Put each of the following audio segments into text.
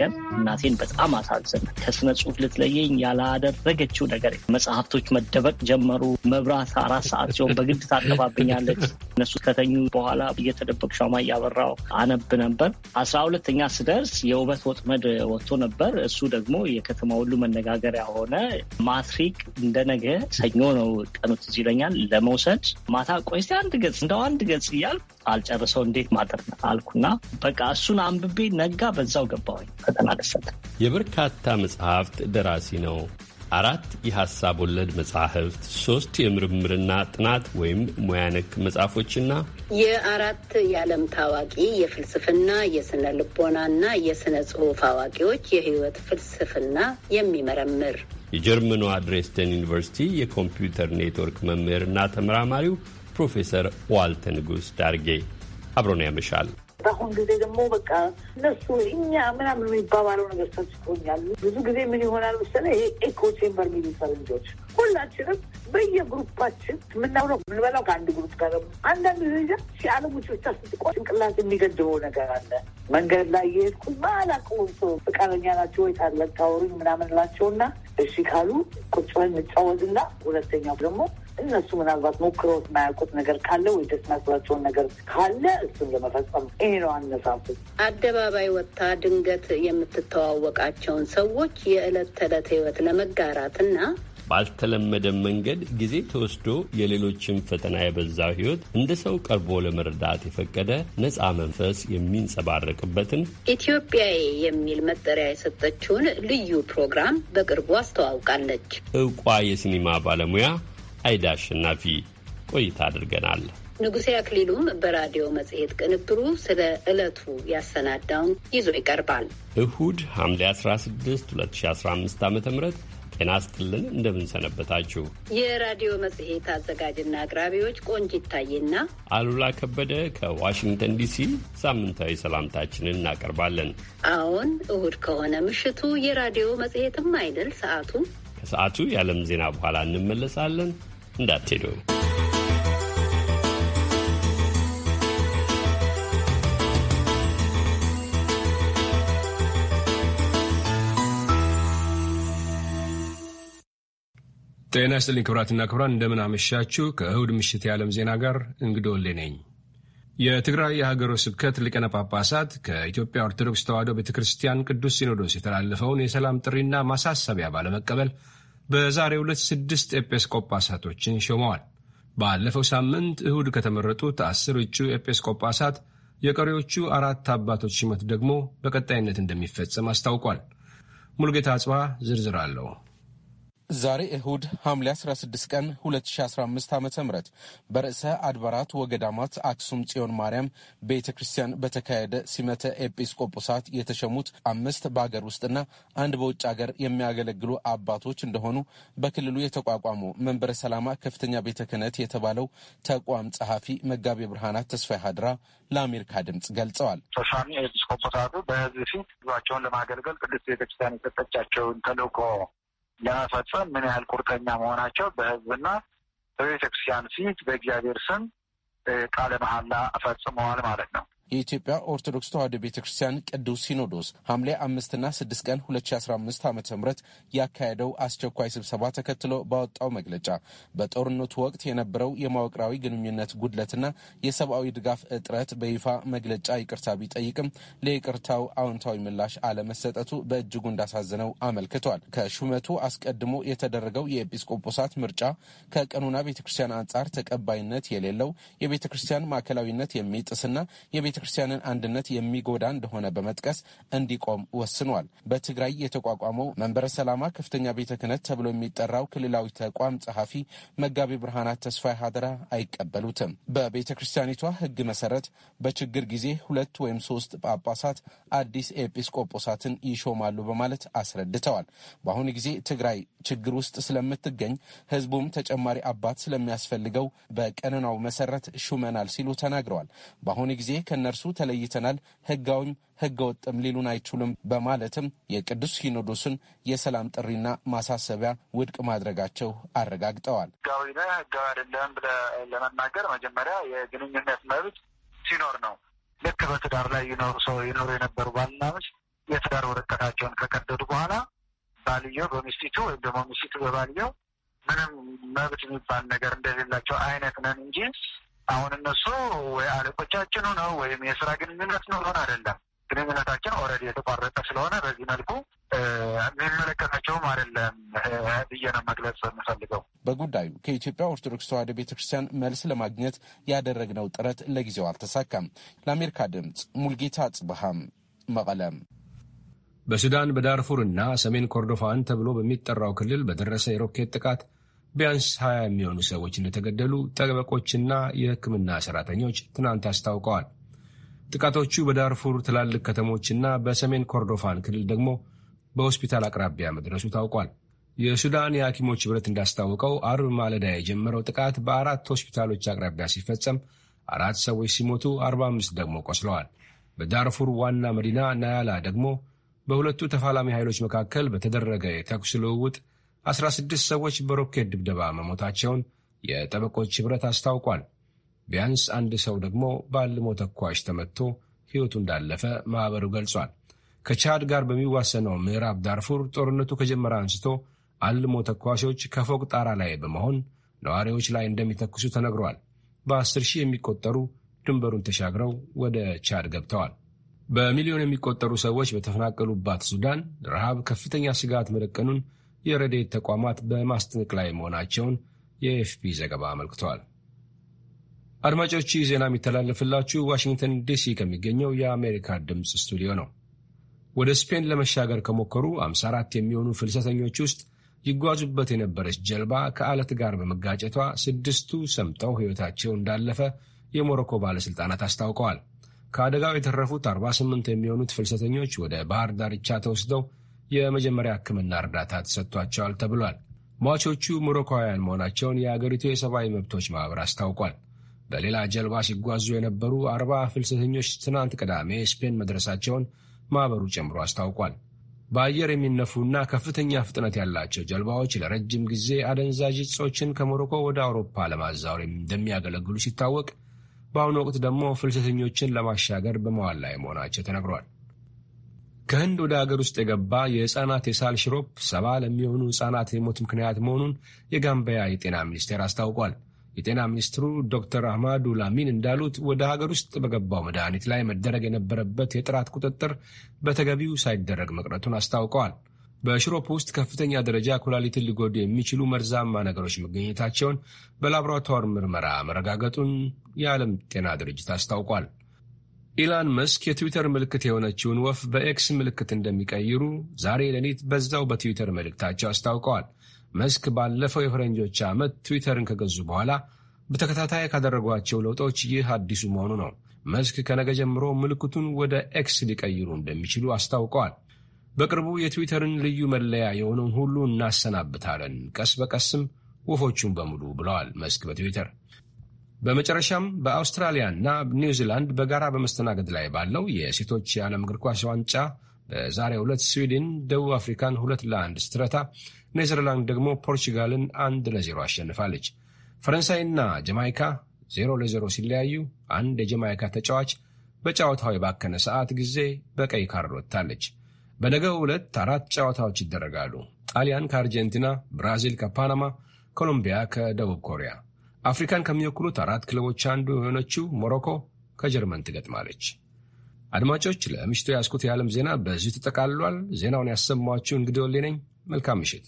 ግን እናቴን በጣም አሳዝን። ከስነ ጽሁፍ ልትለየኝ ያላደረገችው ነገር መጽሐፍቶች መደበቅ ጀመሩ። መብራት አራት ሰዓት ሲሆን በግድ ታጠፋብኛለች። እነሱ ከተኙ በኋላ እየተደበቅ ሻማ እያበራው አነብ ነበር። አስራ ሁለተኛ ስደርስ የውበት ወጥመድ ወጥቶ ነበር። እሱ ደግሞ የከተማ ሁሉ መነጋገሪያ ሆነ። ማትሪክ እንደነገ ሰኞ ነው ቀኑ ትዝ ይለኛል። ለመውሰድ ማታ ቆይ አንድ ገጽ እንደው አንድ ገጽ እያል አልጨርሰው እንዴት ማጠር አልኩና በቃ እሱን አንብቤ ነጋ በዛው ገባሁኝ። ፈተና ደፈተ። የበርካታ መጽሐፍት ደራሲ ነው። አራት የሐሳብ ወለድ መጽሐፍት፣ ሶስት የምርምርና ጥናት ወይም ሙያነክ መጽሐፎችና የአራት የዓለም ታዋቂ የፍልስፍና የስነ ልቦናና የስነ ጽሑፍ አዋቂዎች የህይወት ፍልስፍና የሚመረምር የጀርመኗ ድሬስደን ዩኒቨርሲቲ የኮምፒውተር ኔትወርክ መምህርና ተመራማሪው ፕሮፌሰር ዋልተ ንጉሥ ዳርጌ አብሮን ያመሻል። በአሁን ጊዜ ደግሞ በቃ እነሱ እኛ ምናምን የሚባባለው ነገር ሰብስቶኛል። ብዙ ጊዜ ምን ይሆናል መሰለህ ይሄ ኤኮ ቼምበር የሚሉ ፈረንጆች ሁላችንም በየግሩፓችን የምናውለው ምንበላው ከአንድ ግሩፕ ጋር አንዳንድ ደረጃ ሲአለሞች ብቻ ስትቆ ጭንቅላት የሚገድበው ነገር አለ። መንገድ ላይ የሄድኩኝ ማላቀውን ሰው ፍቃደኛ ናቸው ወይ ታለቃውሩኝ ምናምን ላቸውና እሺ ካሉ ቁጭ ብለን እንጫወትና ሁለተኛው ደግሞ እነሱ ምናልባት ሞክረውት የማያውቁት ነገር ካለ ወይ ደስ የሚያስብላቸውን ነገር ካለ እሱን ለመፈጸም ይሄ ነው አነሳሱ። አደባባይ ወጥታ ድንገት የምትተዋወቃቸውን ሰዎች የዕለት ተዕለት ህይወት ለመጋራት እና ባልተለመደ መንገድ ጊዜ ተወስዶ የሌሎችን ፈተና የበዛው ህይወት እንደ ሰው ቀርቦ ለመርዳት የፈቀደ ነፃ መንፈስ የሚንጸባረቅበትን ኢትዮጵያ የሚል መጠሪያ የሰጠችውን ልዩ ፕሮግራም በቅርቡ አስተዋውቃለች። እውቋ የሲኒማ ባለሙያ አይዳ አሸናፊ ቆይታ አድርገናል። ንጉሴ አክሊሉም በራዲዮ መጽሔት ቅንብሩ ስለ ዕለቱ ያሰናዳውን ይዞ ይቀርባል። እሁድ ሐምሌ 16 2015 ዓ ም ጤና ስጥልን እንደምንሰነበታችሁ። የራዲዮ መጽሔት አዘጋጅና አቅራቢዎች ቆንጅ ይታይና አሉላ ከበደ ከዋሽንግተን ዲሲ ሳምንታዊ ሰላምታችንን እናቀርባለን። አዎን እሁድ ከሆነ ምሽቱ የራዲዮ መጽሔትም አይደል ሰዓቱ። ከሰዓቱ የዓለም ዜና በኋላ እንመለሳለን። እንዳትሄዱ። ጤና ይስጥልኝ ክብራትና ክብራን፣ እንደምን አመሻችሁ። ከእሁድ ምሽት የዓለም ዜና ጋር እንግዶሌ ነኝ። የትግራይ የሀገረ ስብከት ሊቀነ ጳጳሳት ከኢትዮጵያ ኦርቶዶክስ ተዋሕዶ ቤተ ክርስቲያን ቅዱስ ሲኖዶስ የተላለፈውን የሰላም ጥሪና ማሳሰቢያ ባለመቀበል በዛሬ ሁለት ስድስት ኤጲስቆጳሳቶችን ሾመዋል። ባለፈው ሳምንት እሁድ ከተመረጡት አስር እጩ ኤጲስቆጳሳት የቀሪዎቹ አራት አባቶች ሹመት ደግሞ በቀጣይነት እንደሚፈጸም አስታውቋል። ሙልጌታ አጽባ ዝርዝር አለው። ዛሬ እሁድ ሐምሌ 16 ቀን 2015 ዓ ም በርዕሰ አድባራት ወገዳማት አክሱም ጽዮን ማርያም ቤተ ክርስቲያን በተካሄደ ሲመተ ኤጲስቆጶሳት የተሸሙት አምስት በአገር ውስጥና አንድ በውጭ አገር የሚያገለግሉ አባቶች እንደሆኑ በክልሉ የተቋቋሙ መንበረ ሰላማ ከፍተኛ ቤተ ክህነት የተባለው ተቋም ጸሐፊ መጋቤ ብርሃናት ተስፋይ ሀድራ ለአሜሪካ ድምፅ ገልጸዋል። ተሻሚ ኤጲስቆጶሳቱ በህዝብ ፊት ህዝባቸውን ለማገልገል ቅድስት ቤተክርስቲያን የሰጠቻቸውን ተልእኮ ለመፈጸም ምን ያህል ቁርጠኛ መሆናቸው በህዝብና በቤተክርስቲያን ፊት በእግዚአብሔር ስም ቃለ መሐላ ፈጽመዋል ማለት ነው። የኢትዮጵያ ኦርቶዶክስ ተዋሕዶ ቤተ ክርስቲያን ቅዱስ ሲኖዶስ ሐምሌ አምስትና ስድስት ቀን 2015 ዓ ም ያካሄደው አስቸኳይ ስብሰባ ተከትሎ ባወጣው መግለጫ በጦርነቱ ወቅት የነበረው የማወቅራዊ ግንኙነት ጉድለትና የሰብአዊ ድጋፍ እጥረት በይፋ መግለጫ ይቅርታ ቢጠይቅም ለይቅርታው አዎንታዊ ምላሽ አለመሰጠቱ በእጅጉ እንዳሳዘነው አመልክቷል። ከሹመቱ አስቀድሞ የተደረገው የኤጲስቆጶሳት ምርጫ ከቀኑና ቤተ ክርስቲያን አንጻር ተቀባይነት የሌለው የቤተ ክርስቲያን ማዕከላዊነት የሚጥስና የቤተ ክርስቲያንን አንድነት የሚጎዳ እንደሆነ በመጥቀስ እንዲቆም ወስኗል። በትግራይ የተቋቋመው መንበረ ሰላማ ከፍተኛ ቤተ ክህነት ተብሎ የሚጠራው ክልላዊ ተቋም ጸሐፊ መጋቢ ብርሃናት ተስፋ ሀደራ አይቀበሉትም። በቤተ ክርስቲያኒቷ ሕግ መሰረት በችግር ጊዜ ሁለት ወይም ሶስት ጳጳሳት አዲስ ኤጲስቆጶሳትን ይሾማሉ በማለት አስረድተዋል። በአሁኑ ጊዜ ትግራይ ችግር ውስጥ ስለምትገኝ ህዝቡም ተጨማሪ አባት ስለሚያስፈልገው በቀኖናው መሰረት ሹመናል ሲሉ ተናግረዋል። በአሁኑ ጊዜ ከነ ከእነርሱ ተለይተናል፣ ህጋዊም ህገወጥም ሊሉን አይችሉም በማለትም የቅዱስ ሲኖዶስን የሰላም ጥሪና ማሳሰቢያ ውድቅ ማድረጋቸው አረጋግጠዋል። ህጋዊ ነህ ህጋዊ አይደለም ብለህ ለመናገር መጀመሪያ የግንኙነት መብት ሲኖር ነው። ልክ በትዳር ላይ ይኖሩ ሰው ይኖሩ የነበሩ ባልና ሚስት የትዳር ወረቀታቸውን ከቀደዱ በኋላ ባልየው በሚስቲቱ ወይም ደግሞ ሚስቲቱ በባልየው ምንም መብት የሚባል ነገር እንደሌላቸው አይነት ነን እንጂ አሁን እነሱ ወይ አለቆቻችን ነው ወይም የስራ ግንኙነት ነው ሆን አይደለም። ግንኙነታችን ኦልሬዲ የተቋረጠ ስለሆነ በዚህ መልኩ የሚመለከታቸውም አይደለም ብዬ ነው መግለጽ የምፈልገው። በጉዳዩ ከኢትዮጵያ ኦርቶዶክስ ተዋሕዶ ቤተ ክርስቲያን መልስ ለማግኘት ያደረግነው ጥረት ለጊዜው አልተሳካም። ለአሜሪካ ድምፅ ሙልጌታ ጽብሃም መቀለም። በሱዳን በዳርፉር እና ሰሜን ኮርዶፋን ተብሎ በሚጠራው ክልል በደረሰ የሮኬት ጥቃት ቢያንስ 20 የሚሆኑ ሰዎች እንደተገደሉ ጠበቆችና የሕክምና ሠራተኞች ትናንት አስታውቀዋል። ጥቃቶቹ በዳርፉር ትላልቅ ከተሞችና በሰሜን ኮርዶፋን ክልል ደግሞ በሆስፒታል አቅራቢያ መድረሱ ታውቋል። የሱዳን የሐኪሞች ኅብረት እንዳስታወቀው አርብ ማለዳ የጀመረው ጥቃት በአራት ሆስፒታሎች አቅራቢያ ሲፈጸም አራት ሰዎች ሲሞቱ 45 ደግሞ ቆስለዋል። በዳርፉር ዋና መዲና ናያላ ደግሞ በሁለቱ ተፋላሚ ኃይሎች መካከል በተደረገ የተኩስ ልውውጥ 16 ሰዎች በሮኬት ድብደባ መሞታቸውን የጠበቆች ኅብረት አስታውቋል። ቢያንስ አንድ ሰው ደግሞ በአልሞ ተኳሽ ተመትቶ ሕይወቱ እንዳለፈ ማኅበሩ ገልጿል። ከቻድ ጋር በሚዋሰነው ምዕራብ ዳርፉር ጦርነቱ ከጀመረ አንስቶ አልሞ ተኳሾች ከፎቅ ጣራ ላይ በመሆን ነዋሪዎች ላይ እንደሚተኩሱ ተነግሯል። በአስር ሺህ የሚቆጠሩ ድንበሩን ተሻግረው ወደ ቻድ ገብተዋል። በሚሊዮን የሚቆጠሩ ሰዎች በተፈናቀሉባት ሱዳን ረሃብ ከፍተኛ ስጋት መደቀኑን የረድኤት ተቋማት በማስጠንቀቅ ላይ መሆናቸውን የኤፍፒ ዘገባ አመልክቷል። አድማጮች ይህ ዜና የሚተላለፍላችሁ ዋሽንግተን ዲሲ ከሚገኘው የአሜሪካ ድምፅ ስቱዲዮ ነው። ወደ ስፔን ለመሻገር ከሞከሩ 54 የሚሆኑ ፍልሰተኞች ውስጥ ይጓዙበት የነበረች ጀልባ ከዓለት ጋር በመጋጨቷ ስድስቱ ሰምጠው ሕይወታቸው እንዳለፈ የሞሮኮ ባለሥልጣናት አስታውቀዋል። ከአደጋው የተረፉት 48 የሚሆኑት ፍልሰተኞች ወደ ባህር ዳርቻ ተወስደው የመጀመሪያ ሕክምና እርዳታ ተሰጥቷቸዋል ተብሏል። ሟቾቹ ሞሮኮውያን መሆናቸውን የአገሪቱ የሰብአዊ መብቶች ማኅበር አስታውቋል። በሌላ ጀልባ ሲጓዙ የነበሩ አርባ ፍልሰተኞች ትናንት ቅዳሜ ስፔን መድረሳቸውን ማኅበሩ ጨምሮ አስታውቋል። በአየር የሚነፉና ከፍተኛ ፍጥነት ያላቸው ጀልባዎች ለረጅም ጊዜ አደንዛዥ እጾችን ከሞሮኮ ወደ አውሮፓ ለማዛወር እንደሚያገለግሉ ሲታወቅ፣ በአሁኑ ወቅት ደግሞ ፍልሰተኞችን ለማሻገር በመዋል ላይ መሆናቸው ተነግሯል። ከህንድ ወደ አገር ውስጥ የገባ የህፃናት የሳል ሽሮፕ ሰባ ለሚሆኑ ህፃናት የሞት ምክንያት መሆኑን የጋምበያ የጤና ሚኒስቴር አስታውቋል። የጤና ሚኒስትሩ ዶክተር አህማዱ ላሚን እንዳሉት ወደ ሀገር ውስጥ በገባው መድኃኒት ላይ መደረግ የነበረበት የጥራት ቁጥጥር በተገቢው ሳይደረግ መቅረቱን አስታውቀዋል። በሽሮፕ ውስጥ ከፍተኛ ደረጃ ኩላሊትን ሊጎዱ የሚችሉ መርዛማ ነገሮች መገኘታቸውን በላቦራቶር ምርመራ መረጋገጡን የዓለም ጤና ድርጅት አስታውቋል። ኢላን መስክ የትዊተር ምልክት የሆነችውን ወፍ በኤክስ ምልክት እንደሚቀይሩ ዛሬ ሌሊት በዛው በትዊተር መልእክታቸው አስታውቀዋል። መስክ ባለፈው የፈረንጆች ዓመት ትዊተርን ከገዙ በኋላ በተከታታይ ካደረጓቸው ለውጦች ይህ አዲሱ መሆኑ ነው። መስክ ከነገ ጀምሮ ምልክቱን ወደ ኤክስ ሊቀይሩ እንደሚችሉ አስታውቀዋል። በቅርቡ የትዊተርን ልዩ መለያ የሆነውን ሁሉ እናሰናብታለን፣ ቀስ በቀስም ወፎቹን በሙሉ ብለዋል መስክ በትዊተር በመጨረሻም በአውስትራሊያና ኒውዚላንድ በጋራ በመስተናገድ ላይ ባለው የሴቶች የዓለም እግር ኳስ ዋንጫ በዛሬው ዕለት ስዊድን ደቡብ አፍሪካን ሁለት ለአንድ ስትረታ፣ ኔዘርላንድ ደግሞ ፖርቹጋልን አንድ ለዜሮ አሸንፋለች። ፈረንሳይና ጀማይካ ዜሮ ለዜሮ ሲለያዩ አንድ የጀማይካ ተጫዋች በጨዋታው የባከነ ሰዓት ጊዜ በቀይ ካርድ ወጥታለች። በነገው ዕለት አራት ጨዋታዎች ይደረጋሉ። ጣሊያን ከአርጀንቲና፣ ብራዚል ከፓናማ፣ ኮሎምቢያ ከደቡብ ኮሪያ አፍሪካን ከሚወክሉት አራት ክለቦች አንዱ የሆነችው ሞሮኮ ከጀርመን ትገጥማለች። አድማጮች፣ ለምሽቱ ያስኩት የዓለም ዜና በዚሁ ተጠቃልሏል። ዜናውን ያሰማኋችሁ እንግዲህ ወሌ ነኝ። መልካም ምሽት።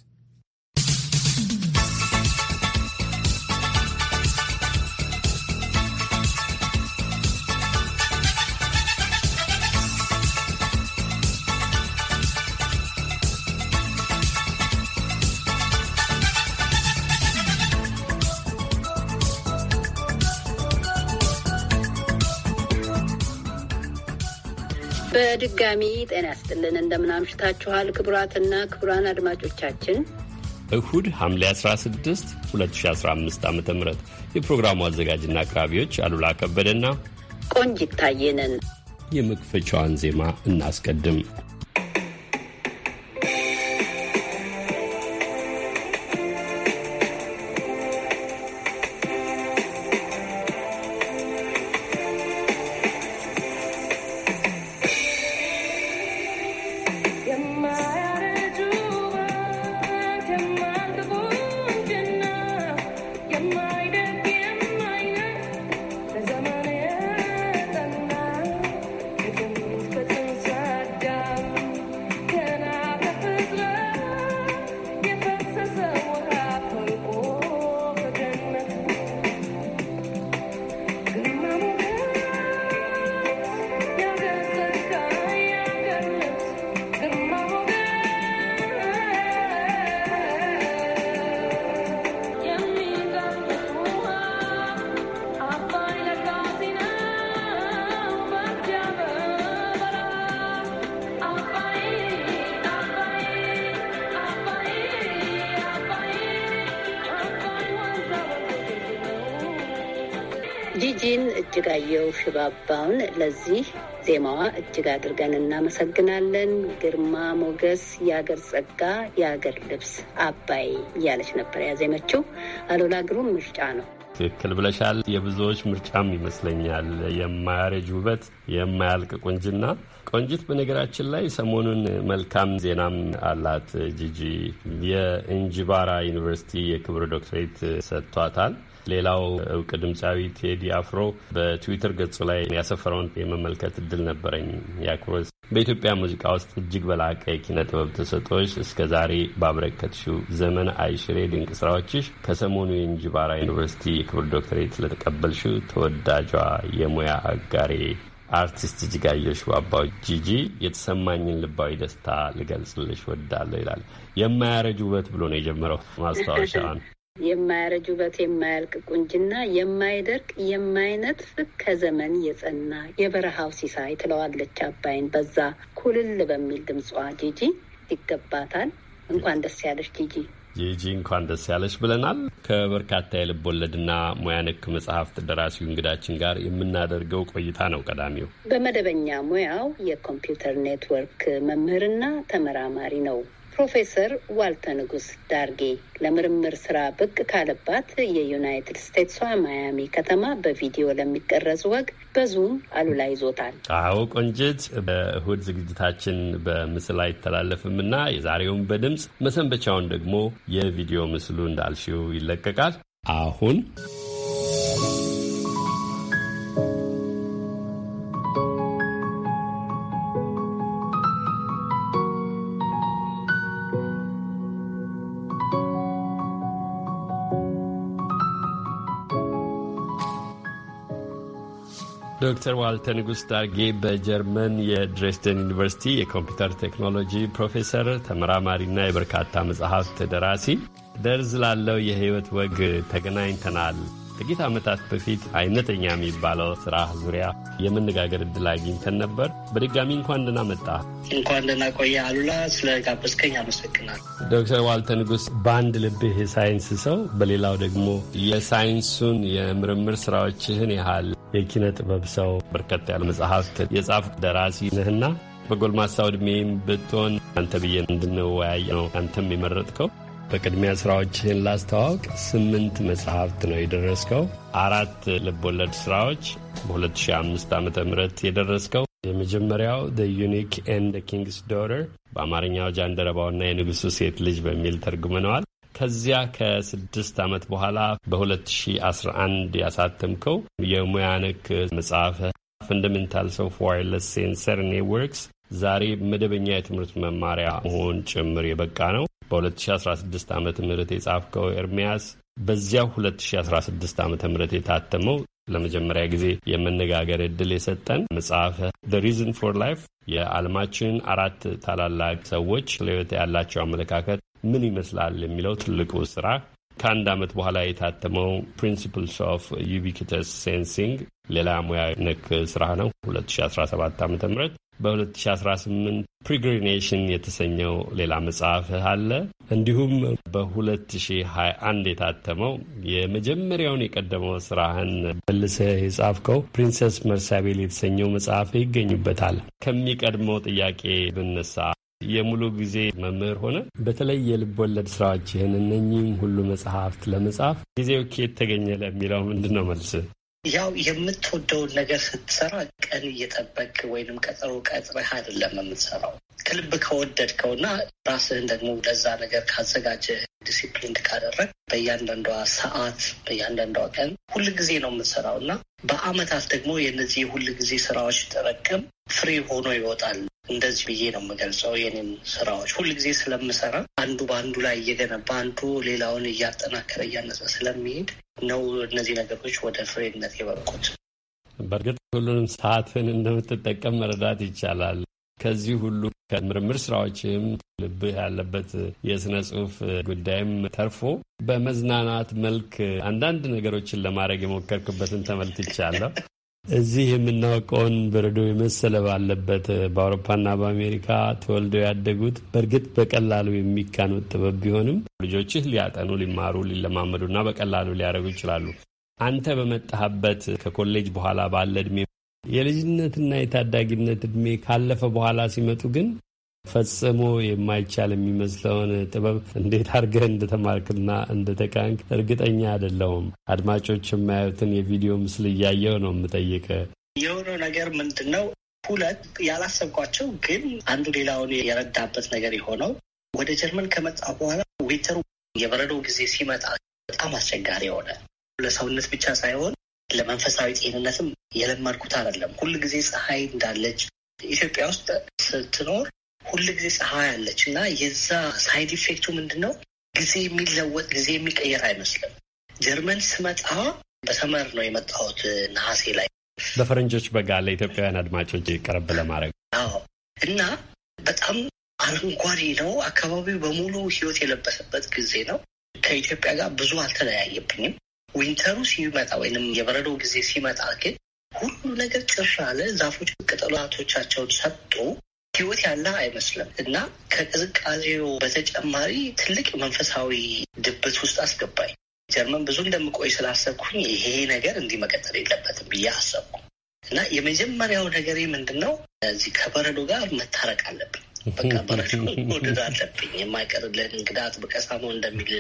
በድጋሚ ጤና ያስጥልን። እንደምናምሽታችኋል ክቡራትና ክቡራን አድማጮቻችን እሁድ ሐምሌ 16 2015 ዓ ም የፕሮግራሙ አዘጋጅና አቅራቢዎች አሉላ ከበደና ቆንጅ ይታየንን የመክፈቻዋን ዜማ እናስቀድም። እጅጋየው ሽባባውን ለዚህ ዜማዋ እጅግ አድርገን እናመሰግናለን። ግርማ ሞገስ፣ የአገር ጸጋ፣ የአገር ልብስ አባይ እያለች ነበር ያዜመችው። አሉላ ግሩም ምርጫ ነው። ትክክል ብለሻል። የብዙዎች ምርጫም ይመስለኛል። የማያረጅ ውበት፣ የማያልቅ ቁንጅና። ቆንጅት፣ በነገራችን ላይ ሰሞኑን መልካም ዜናም አላት። ጂጂ የእንጅባራ ዩኒቨርሲቲ የክብር ዶክትሬት ሰጥቷታል። ሌላው እውቅ ድምፃዊ ቴዲ አፍሮ በትዊተር ገጹ ላይ ያሰፈረውን የመመልከት እድል ነበረኝ። ያክሮስ በኢትዮጵያ ሙዚቃ ውስጥ እጅግ በላቀ የኪነ ጥበብ ተሰጦች እስከ ዛሬ ባበረከትሽው ዘመን አይሽሬ ድንቅ ስራዎችሽ ከሰሞኑ የእንጅባራ ዩኒቨርሲቲ የክብር ዶክተሬት ለተቀበልሽው ተወዳጇ የሙያ አጋሬ አርቲስት ጅጋየሽ ባባው ጂጂ የተሰማኝን ልባዊ ደስታ ልገልጽልሽ ወዳለሁ ይላል። የማያረጅ ውበት ብሎ ነው የጀመረው ማስታወሻውን የማያረጅ ውበት፣ የማያልቅ ቁንጅና፣ የማይደርቅ የማይነጥፍ ከዘመን የጸና የበረሃው ሲሳይ ትለዋለች አባይን በዛ ኩልል በሚል ድምጿ። ጂጂ ይገባታል። እንኳን ደስ ያለሽ ጂጂ። ጂጂ እንኳን ደስ ያለሽ ብለናል። ከበርካታ የልብ ወለድና ሙያ ነክ መጽሐፍት ደራሲው እንግዳችን ጋር የምናደርገው ቆይታ ነው ቀዳሚው። በመደበኛ ሙያው የኮምፒውተር ኔትወርክ መምህርና ተመራማሪ ነው። ፕሮፌሰር ዋልተ ንጉስ ዳርጌ ለምርምር ስራ ብቅ ካለባት የዩናይትድ ስቴትሷ ማያሚ ከተማ በቪዲዮ ለሚቀረጽ ወግ በዙም አሉላ ይዞታል። አዎ ቆንጅት፣ በእሁድ ዝግጅታችን በምስል አይተላለፍም እና የዛሬውን በድምፅ መሰንበቻውን ደግሞ የቪዲዮ ምስሉ እንዳልሽው ይለቀቃል አሁን ዶክተር ዋልተ ንጉሥ ዳርጌ በጀርመን የድሬስደን ዩኒቨርሲቲ የኮምፒውተር ቴክኖሎጂ ፕሮፌሰር ተመራማሪና የበርካታ መጽሐፍት ደራሲ ደርዝ ላለው የሕይወት ወግ ተገናኝተናል። ጥቂት ዓመታት በፊት አይነተኛ የሚባለው ስራ ዙሪያ የመነጋገር እድል አግኝተን ነበር። በድጋሚ እንኳን ደህና መጣ። እንኳን ደህና ቆየ አሉላ። ስለ አመሰግናል። ዶክተር ዋልተ ንጉሥ በአንድ ልብህ የሳይንስ ሰው፣ በሌላው ደግሞ የሳይንሱን የምርምር ስራዎችህን ያህል የኪነ ጥበብ ሰው በርከት ያለ መጽሐፍት የጻፍ ደራሲ ነህና በጎልማሳ ዕድሜም ብትሆን አንተ ብዬ እንድንወያይ ነው አንተም የመረጥከው። በቅድሚያ ስራዎችህን ላስተዋወቅ። ስምንት መጽሐፍት ነው የደረስከው። አራት ልቦለድ ስራዎች በ2005 ዓ ም የደረስከው የመጀመሪያው ዘ ዩኒክ ኤንድ ኪንግስ ዶተር በአማርኛው ጃንደረባውና የንጉሱ ሴት ልጅ በሚል ተርጉመነዋል። ከዚያ ከስድስት ዓመት በኋላ በ2011 ያሳተምከው የሙያ ነክ መጽሐፍ ፈንዳሜንታልስ ኦፍ ዋይርለስ ሴንሰር ኔትወርክስ ዛሬ መደበኛ የትምህርት መማሪያ መሆን ጭምር የበቃ ነው። በ2016 ዓ ም የጻፍከው ኤርሚያስ በዚያው 2016 ዓ ም የታተመው ለመጀመሪያ ጊዜ የመነጋገር እድል የሰጠን መጽሐፍ ዘ ሪዝን ፎር ላይፍ የዓለማችን አራት ታላላቅ ሰዎች ለሕይወት ያላቸው አመለካከት ምን ይመስላል የሚለው ትልቁ ስራ ከአንድ ዓመት በኋላ የታተመው ፕሪንሲፕልስ ኦፍ ዩቢኪተስ ሴንሲንግ ሌላ ሙያ ነክ ስራ ነው። 2017 ዓ ም በ2018 ፕሪግሪኔሽን የተሰኘው ሌላ መጽሐፍ አለ። እንዲሁም በ2021 የታተመው የመጀመሪያውን የቀደመው ስራህን መልሰህ የጻፍከው ፕሪንሰስ መርሳቤል የተሰኘው መጽሐፍ ይገኙበታል። ከሚቀድመው ጥያቄ ብነሳ የሙሉ ጊዜ መምህር ሆነ በተለይ የልብ ወለድ ስራዎችህን እነኚህም ሁሉ መጽሐፍት ለመጻፍ ጊዜው ኬት ተገኘ ለሚለው ምንድን ነው መልስ? ያው የምትወደውን ነገር ስትሰራ ቀን እየጠበቅ ወይንም ቀጠሮ ቀጥረህ አይደለም የምትሰራው ከልብ ከወደድከው እና ራስህን ደግሞ ለዛ ነገር ካዘጋጀ ዲሲፕሊን ካደረግ በእያንዳንዷ ሰዓት በእያንዳንዷ ቀን ሁል ጊዜ ነው የምትሰራው እና በአመታት ደግሞ የነዚህ የሁል ጊዜ ስራዎች ጠረቅም ፍሬ ሆኖ ይወጣል። እንደዚህ ብዬ ነው የምገልጸው። የኔም ስራዎች ሁል ጊዜ ስለምሰራ አንዱ በአንዱ ላይ እየገነባ አንዱ ሌላውን እያጠናከረ እያነጸ ስለሚሄድ ነው እነዚህ ነገሮች ወደ ፍሬነት የበቁት። በእርግጥ ሁሉንም ሰዓትን እንደምትጠቀም መረዳት ይቻላል። ከዚህ ሁሉ ከምርምር ስራዎችም ልብህ ያለበት የሥነ ጽሑፍ ጉዳይም ተርፎ በመዝናናት መልክ አንዳንድ ነገሮችን ለማድረግ የሞከርክበትን ተመልክቻለሁ። እዚህ የምናውቀውን በረዶ የመሰለ ባለበት በአውሮፓና በአሜሪካ ተወልደው ያደጉት በእርግጥ በቀላሉ የሚካኑት ጥበብ ቢሆንም ልጆችህ ሊያጠኑ፣ ሊማሩ፣ ሊለማመዱና በቀላሉ ሊያደርጉ ይችላሉ። አንተ በመጣህበት ከኮሌጅ በኋላ ባለ ዕድሜ የልጅነትና የታዳጊነት እድሜ ካለፈ በኋላ ሲመጡ ግን ፈጽሞ የማይቻል የሚመስለውን ጥበብ እንዴት አድርገህ እንደተማርክና እንደተቃንክ እርግጠኛ አይደለሁም። አድማጮች የማያዩትን የቪዲዮ ምስል እያየው ነው የምጠይቀ የሆነው ነገር ምንድን ነው? ሁለት ያላሰብኳቸው ግን አንዱ ሌላውን የረዳበት ነገር የሆነው ወደ ጀርመን ከመጣ በኋላ ዌተሩ የበረዶ ጊዜ ሲመጣ በጣም አስቸጋሪ የሆነ ለሰውነት ብቻ ሳይሆን ለመንፈሳዊ ጤንነትም የለመድኩት አይደለም። ሁል ጊዜ ፀሐይ እንዳለች ኢትዮጵያ ውስጥ ስትኖር ሁል ጊዜ ፀሐይ አለች እና የዛ ሳይድ ኢፌክቱ ምንድን ነው? ጊዜ የሚለወጥ ጊዜ የሚቀየር አይመስልም። ጀርመን ስመጣ በሰመር ነው የመጣሁት ነሐሴ ላይ በፈረንጆች በጋ ለኢትዮጵያውያን አድማጮች ቀረብ ለማድረግ አዎ። እና በጣም አረንጓዴ ነው አካባቢው በሙሉ ህይወት የለበሰበት ጊዜ ነው። ከኢትዮጵያ ጋር ብዙ አልተለያየብኝም። ዊንተሩ ሲመጣ ወይንም የበረዶ ጊዜ ሲመጣ ግን ሁሉ ነገር ጭር አለ። ዛፎች ቅጠላቶቻቸውን ሰጡ። ህይወት ያለ አይመስልም እና ከቅዝቃዜው በተጨማሪ ትልቅ መንፈሳዊ ድብት ውስጥ አስገባኝ። ጀርመን ብዙ እንደምቆይ ስላሰብኩኝ ይሄ ነገር እንዲህ መቀጠል የለበትም ብዬ አሰብኩ እና የመጀመሪያው ነገሬ ምንድን ነው? እዚህ ከበረዶ ጋር መታረቅ አለብኝ። በቃ በረዶ መውደድ አለብኝ። የማይቀርልህን እንግዳ አጥብቀህ ሳመው እንደሚል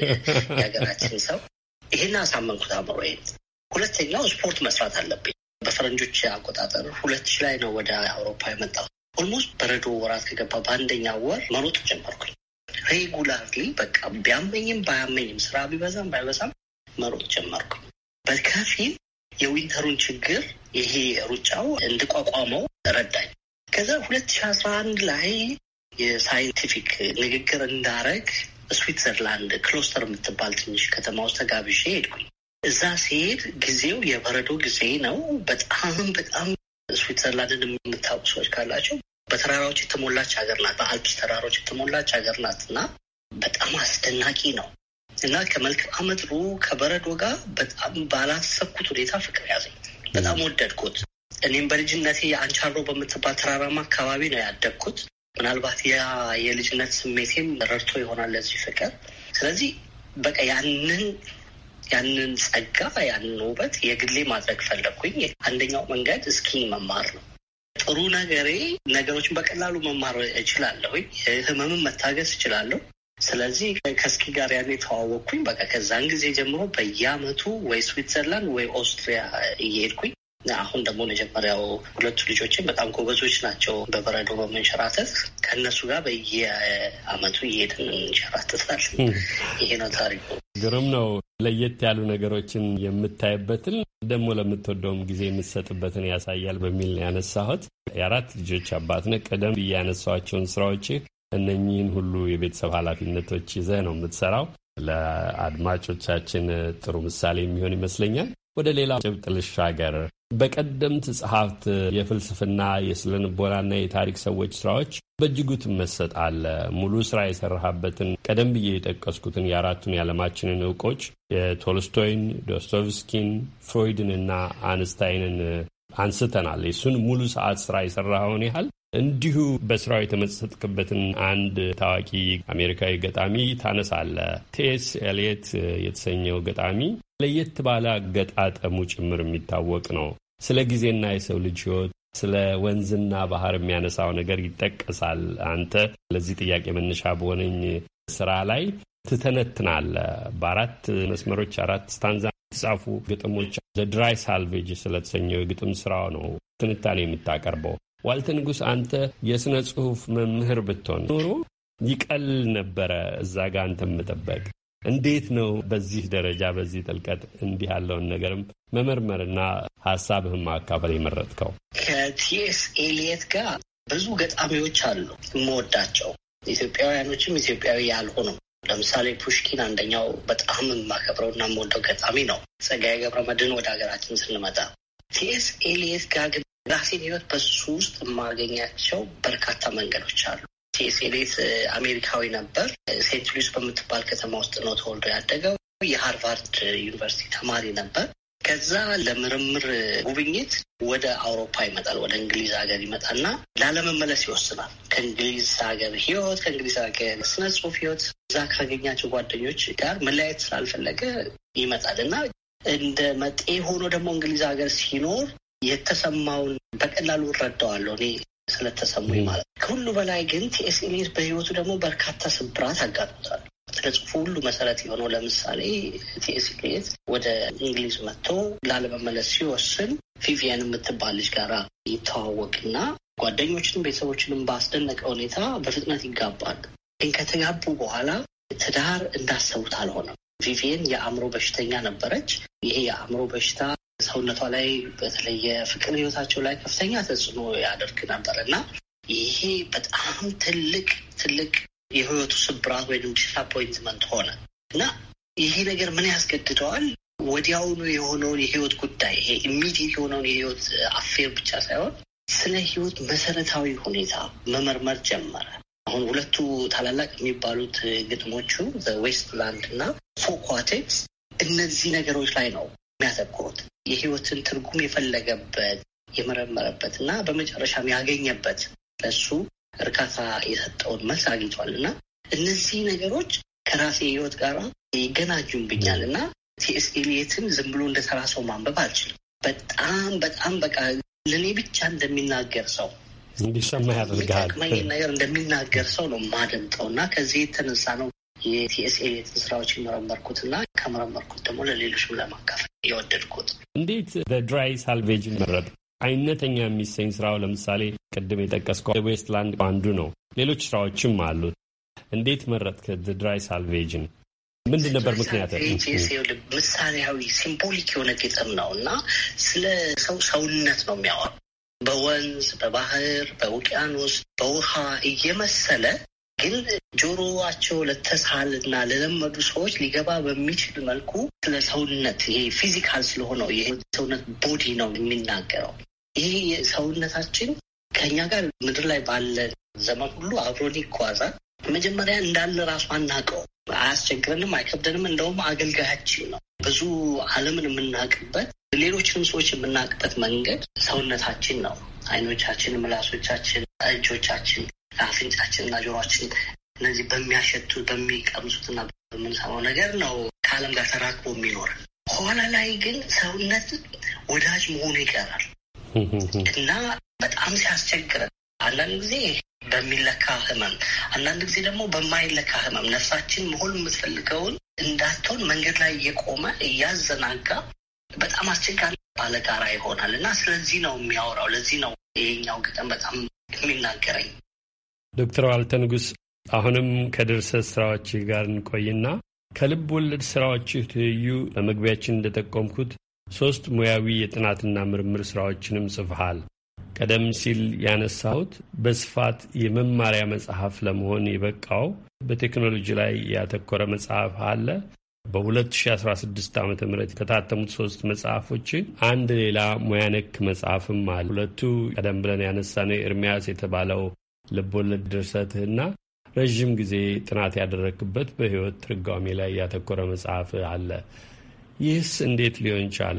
የሀገራችን ሰው ይህን አሳመንኩት አእምሮዬን። ሁለተኛው ስፖርት መስራት አለብኝ። በፈረንጆች አቆጣጠር ሁለት ሺ ላይ ነው ወደ አውሮፓ የመጣው። ኦልሞስት በረዶ ወራት ከገባ በአንደኛ ወር መሮጥ ጀመርኩኝ። ሬጉላርሊ በቃ ቢያመኝም ባያመኝም ስራ ቢበዛም ባይበዛም መሮጥ ጀመርኩኝ። በከፊል የዊንተሩን ችግር ይሄ ሩጫው እንድቋቋመው ረዳኝ። ከዛ ሁለት ሺ አስራ አንድ ላይ የሳይንቲፊክ ንግግር እንዳረግ ስዊትዘርላንድ ክሎስተር የምትባል ትንሽ ከተማ ውስጥ ተጋብዤ ሄድኩኝ። እዛ ሲሄድ ጊዜው የበረዶ ጊዜ ነው። በጣም በጣም ስዊትዘርላንድን የምታውቁ ሰዎች ካላቸው በተራራዎች የተሞላች ሀገር ናት። በአልፕስ ተራራዎች የተሞላች ሀገር ናት እና በጣም አስደናቂ ነው እና ከመልክዓ ምድሩ ከበረዶ ጋር በጣም ባላሰብኩት ሁኔታ ፍቅር ያዘኝ። በጣም ወደድኩት። እኔም በልጅነቴ የአንቻሮ በምትባል ተራራማ አካባቢ ነው ያደግኩት። ምናልባት ያ የልጅነት ስሜቴም ረድቶ ይሆናል ለዚህ ፍቅር። ስለዚህ በቃ ያንን ያንን ጸጋ ያንን ውበት የግሌ ማድረግ ፈለግኩኝ። አንደኛው መንገድ እስኪ መማር ነው። ጥሩ ነገሬ ነገሮችን በቀላሉ መማር እችላለሁኝ። ህመምን መታገስ እችላለሁ። ስለዚህ ከስኪ ጋር ያን የተዋወቅኩኝ በቃ ከዛን ጊዜ ጀምሮ በየአመቱ ወይ ስዊትዘርላንድ ወይ ኦስትሪያ እየሄድኩኝ አሁን ደግሞ መጀመሪያው ሁለቱ ልጆችን በጣም ጎበዞች ናቸው በበረዶ በመንሸራተት ከእነሱ ጋር በየአመቱ እየሄድን እንሸራተታለን። ይሄ ነው ታሪኩ። ግሩም ነው። ለየት ያሉ ነገሮችን የምታይበትን ደግሞ ለምትወደውም ጊዜ የምትሰጥበትን ያሳያል በሚል ነው ያነሳሁት። የአራት ልጆች አባት ነህ። ቀደም እያነሳቸውን ስራዎች እነኚህን ሁሉ የቤተሰብ ኃላፊነቶች ይዘህ ነው የምትሰራው። ለአድማጮቻችን ጥሩ ምሳሌ የሚሆን ይመስለኛል። ወደ ሌላ ጭብጥ ልሻገር። በቀደምት ጸሐፍት የፍልስፍና የስነ የታሪክ ሰዎች ስራዎች በእጅጉ አለ ሙሉ ስራ የሰራሃበትን ቀደም ብዬ የጠቀስኩትን የአራቱን የዓለማችንን እውቆች የቶልስቶይን፣ ዶስቶቭስኪን፣ ፍሮይድንና አንስታይንን አንስተናል። የሱን ሙሉ ሰዓት ስራ የሰራኸውን ያህል እንዲሁ በስራው የተመሰጥክበትን አንድ ታዋቂ አሜሪካዊ ገጣሚ ታነሳለ። ቴስ ኤልየት የተሰኘው ገጣሚ ለየት ባለ አገጣጠሙ ጭምር የሚታወቅ ነው። ስለ ጊዜና የሰው ልጅ ህይወት ስለ ወንዝና ባህር የሚያነሳው ነገር ይጠቀሳል። አንተ ለዚህ ጥያቄ መነሻ በሆነኝ ስራ ላይ ትተነትናለ። በአራት መስመሮች አራት ስታንዛ የተጻፉ ግጥሞች ዘድራይ ሳልቬጅ ስለተሰኘው የግጥም ስራው ነው ትንታኔ የምታቀርበው። ዋልተ ንጉሥ፣ አንተ የሥነ ጽሑፍ መምህር ብትሆን ኖሮ ይቀል ነበረ እዛ ጋ አንተ መጠበቅ እንዴት ነው በዚህ ደረጃ በዚህ ጥልቀት እንዲህ ያለውን ነገርም መመርመርና ሀሳብህን ማካፈል የመረጥከው? ከቲኤስ ኤሊየት ጋር ብዙ ገጣሚዎች አሉ የምወዳቸው ኢትዮጵያውያኖችም ኢትዮጵያዊ ያልሆኑ ለምሳሌ ፑሽኪን አንደኛው በጣም የማከብረው እና የምወደው ገጣሚ ነው። ጸጋዬ ገብረ መድኅን ወደ ሀገራችን ስንመጣ ቲኤስ ኤሊየት ጋር ግን ራሴን ህይወት በሱ ውስጥ የማገኛቸው በርካታ መንገዶች አሉ። ሴሌት አሜሪካዊ ነበር። ሴንት ሉዊስ በምትባል ከተማ ውስጥ ነው ተወልዶ ያደገው። የሃርቫርድ ዩኒቨርሲቲ ተማሪ ነበር። ከዛ ለምርምር ጉብኝት ወደ አውሮፓ ይመጣል። ወደ እንግሊዝ ሀገር ይመጣና ላለመመለስ ይወስናል። ከእንግሊዝ ሀገር ህይወት፣ ከእንግሊዝ ሀገር ስነ ጽሁፍ ህይወት እዛ ካገኛቸው ጓደኞች ጋር መለያየት ስላልፈለገ ይመጣል እና እንደ መጤ ሆኖ ደግሞ እንግሊዝ ሀገር ሲኖር የተሰማውን በቀላሉ እረዳዋለሁ እኔ ስለተሰሙኝ ማለት ከሁሉ በላይ ግን ቲኤስኤምኤስ በህይወቱ ደግሞ በርካታ ስብራት አጋጥሞታል። ስለ ጽሁፉ ሁሉ መሰረት የሆነው ለምሳሌ ቲኤስኤምኤስ ወደ እንግሊዝ መጥቶ ላለመመለስ ሲወስን ቪቪየን የምትባል ልጅ ጋር ይተዋወቅና ጓደኞችንም ቤተሰቦችንም ባስደነቀ ሁኔታ በፍጥነት ይጋባል። ግን ከተጋቡ በኋላ ትዳር እንዳሰቡት አልሆነም። ቪቪየን የአእምሮ በሽተኛ ነበረች። ይሄ የአእምሮ በሽታ ሰውነቷ ላይ በተለየ ፍቅር ህይወታቸው ላይ ከፍተኛ ተጽዕኖ ያደርግ ነበር እና ይሄ በጣም ትልቅ ትልቅ የህይወቱ ስብራት ወይም ዲስአፖይንትመንት ሆነ እና ይሄ ነገር ምን ያስገድደዋል? ወዲያውኑ የሆነውን የህይወት ጉዳይ ይሄ ኢሚዲየት የሆነውን የህይወት አፌር ብቻ ሳይሆን ስለ ህይወት መሰረታዊ ሁኔታ መመርመር ጀመረ። አሁን ሁለቱ ታላላቅ የሚባሉት ግጥሞቹ ዌስትላንድ እና ፎኳቴክስ እነዚህ ነገሮች ላይ ነው የሚያተኩሩት የህይወትን ትርጉም የፈለገበት የመረመረበት እና በመጨረሻም ያገኘበት ለሱ እርካታ የሰጠውን መልስ አግኝቷል እና እነዚህ ነገሮች ከራሴ ህይወት ጋር ይገናጁብኛል እና ቲኤስ ኤሊየትን ዝም ብሎ እንደተራ ሰው ማንበብ አልችልም። በጣም በጣም በቃ ለእኔ ብቻ እንደሚናገር ሰው እንዲሰማ ያደርግሃል። ነገር እንደሚናገር ሰው ነው የማደምጠው እና ከዚህ የተነሳ ነው የቲኤስኤ ስራዎች መረመርኩት እና ከመረመርኩት ደግሞ ለሌሎችም ለማካፈል የወደድኩት። እንዴት በድራይ ሳልቬጅ መረጥ? አይነተኛ የሚሰኝ ስራው ለምሳሌ ቅድም የጠቀስከው ዌስትላንድ አንዱ ነው። ሌሎች ስራዎችም አሉት። እንዴት መረጥክ ድራይ ሳልቬጅን? ምንድን ነበር ምክንያት? ምሳሌያዊ ሲምቦሊክ የሆነ ግጥም ነው እና ስለ ሰው ሰውነት ነው የሚያወራው። በወንዝ በባህር በውቅያኖስ በውሃ እየመሰለ ግን ጆሮዋቸው ለተሳልና ለለመዱ ሰዎች ሊገባ በሚችል መልኩ ስለ ሰውነት ይሄ ፊዚካል ስለሆነው ይሄ ሰውነት ቦዲ ነው የሚናገረው። ይሄ ሰውነታችን ከኛ ጋር ምድር ላይ ባለ ዘመን ሁሉ አብሮን ይጓዛል። መጀመሪያ እንዳለ ራሱ አናውቀው፣ አያስቸግረንም፣ አይከብደንም። እንደውም አገልጋያችን ነው። ብዙ ዓለምን የምናውቅበት ሌሎችንም ሰዎች የምናውቅበት መንገድ ሰውነታችን ነው። አይኖቻችን፣ ምላሶቻችን፣ እጆቻችን አፍንጫችንና ጆሮችን እነዚህ በሚያሸቱ በሚቀምሱትና በምንሰማው ነገር ነው ከዓለም ጋር ተራክቦ የሚኖር። ኋላ ላይ ግን ሰውነት ወዳጅ መሆኑ ይቀራል እና በጣም ሲያስቸግረ አንዳንድ ጊዜ በሚለካ ህመም፣ አንዳንድ ጊዜ ደግሞ በማይለካ ህመም ነፍሳችን መሆን የምትፈልገውን እንዳትሆን መንገድ ላይ እየቆመ እያዘናጋ በጣም አስቸጋሪ ባለጋራ ይሆናል እና ስለዚህ ነው የሚያወራው። ለዚህ ነው ይሄኛው ግጥም በጣም የሚናገረኝ ዶክተር ዋልተ ንጉስ አሁንም ከድርሰት ስራዎች ጋር እንቆይና ከልብ ወለድ ስራዎችህ ትይዩ በመግቢያችን እንደጠቆምኩት ሶስት ሙያዊ የጥናትና ምርምር ስራዎችንም ጽፈሃል። ቀደም ሲል ያነሳሁት በስፋት የመማሪያ መጽሐፍ ለመሆን የበቃው በቴክኖሎጂ ላይ ያተኮረ መጽሐፍ አለ። በ2016 ዓ ም ከታተሙት ሶስት መጽሐፎች አንድ ሌላ ሙያ ነክ መጽሐፍም አለ። ሁለቱ ቀደም ብለን ያነሳነው ኤርሚያስ የተባለው ልቦለድ ድርሰትህና ረዥም ጊዜ ጥናት ያደረግክበት በህይወት ትርጓሜ ላይ ያተኮረ መጽሐፍ አለ። ይህስ እንዴት ሊሆን ቻለ?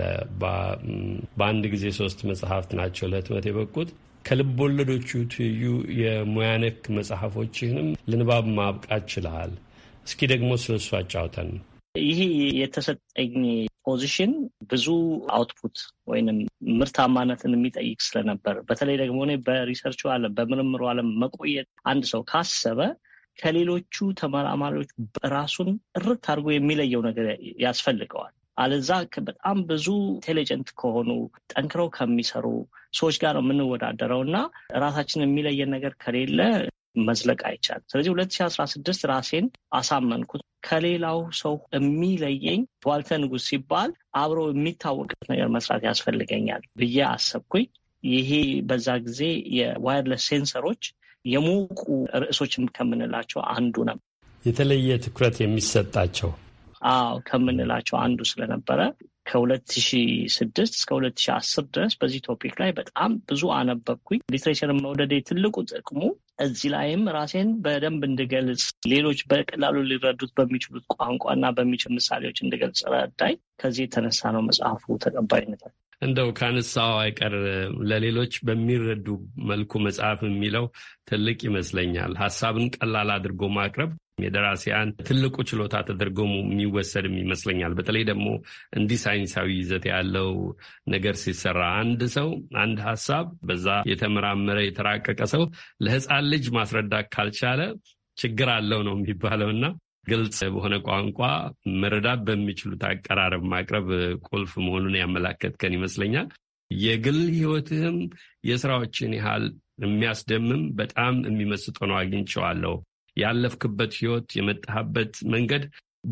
በአንድ ጊዜ ሶስት መጽሐፍት ናቸው ለህትመት የበቁት። ከልብ ትዩ ትይዩ የሙያ ነክ መጽሐፎችህንም ልንባብ ማብቃት ችልሃል። እስኪ ደግሞ ስለሱ አጫውተን። ይህ የተሰጠኝ ፖዚሽን ብዙ አውትፑት ወይንም ምርታማነትን የሚጠይቅ ስለነበር በተለይ ደግሞ እኔ በሪሰርቹ ዓለም በምርምሩ ዓለም መቆየት አንድ ሰው ካሰበ ከሌሎቹ ተመራማሪዎች ራሱን እርት አድርጎ የሚለየው ነገር ያስፈልገዋል። አለዛ በጣም ብዙ ኢንቴሊጀንት ከሆኑ ጠንክረው ከሚሰሩ ሰዎች ጋር ነው የምንወዳደረው እና ራሳችን የሚለየን ነገር ከሌለ መዝለቅ አይቻልም። ስለዚህ 2016 ራሴን አሳመንኩት። ከሌላው ሰው የሚለየኝ ዋልተ ንጉስ ሲባል አብረው የሚታወቅበት ነገር መስራት ያስፈልገኛል ብዬ አሰብኩኝ። ይሄ በዛ ጊዜ የዋይርለስ ሴንሰሮች የሞቁ ርዕሶች ከምንላቸው አንዱ ነበር። የተለየ ትኩረት የሚሰጣቸው አዎ ከምንላቸው አንዱ ስለነበረ ከ2006 እስከ 2010 ድረስ በዚህ ቶፒክ ላይ በጣም ብዙ አነበብኩኝ። ሊትሬቸርን መውደዴ ትልቁ ጥቅሙ እዚህ ላይም ራሴን በደንብ እንድገልጽ፣ ሌሎች በቀላሉ ሊረዱት በሚችሉት ቋንቋና በሚችል ምሳሌዎች እንድገልጽ ረዳኝ። ከዚህ የተነሳ ነው መጽሐፉ ተቀባይነት እንደው ከአነሳው አይቀር ለሌሎች በሚረዱ መልኩ መጽሐፍ የሚለው ትልቅ ይመስለኛል። ሀሳብን ቀላል አድርጎ ማቅረብ የደራሲያን ትልቁ ችሎታ ተደርጎ የሚወሰድም ይመስለኛል። በተለይ ደግሞ እንዲህ ሳይንሳዊ ይዘት ያለው ነገር ሲሰራ አንድ ሰው አንድ ሀሳብ በዛ የተመራመረ የተራቀቀ ሰው ለሕፃን ልጅ ማስረዳት ካልቻለ ችግር አለው ነው የሚባለው እና ግልጽ በሆነ ቋንቋ መረዳት በሚችሉት አቀራረብ ማቅረብ ቁልፍ መሆኑን ያመላከትከን ይመስለኛል። የግል ህይወትህም የስራዎችን ያህል የሚያስደምም በጣም የሚመስጥ ነው አግኝቼዋለሁ። ያለፍክበት ህይወት የመጣህበት መንገድ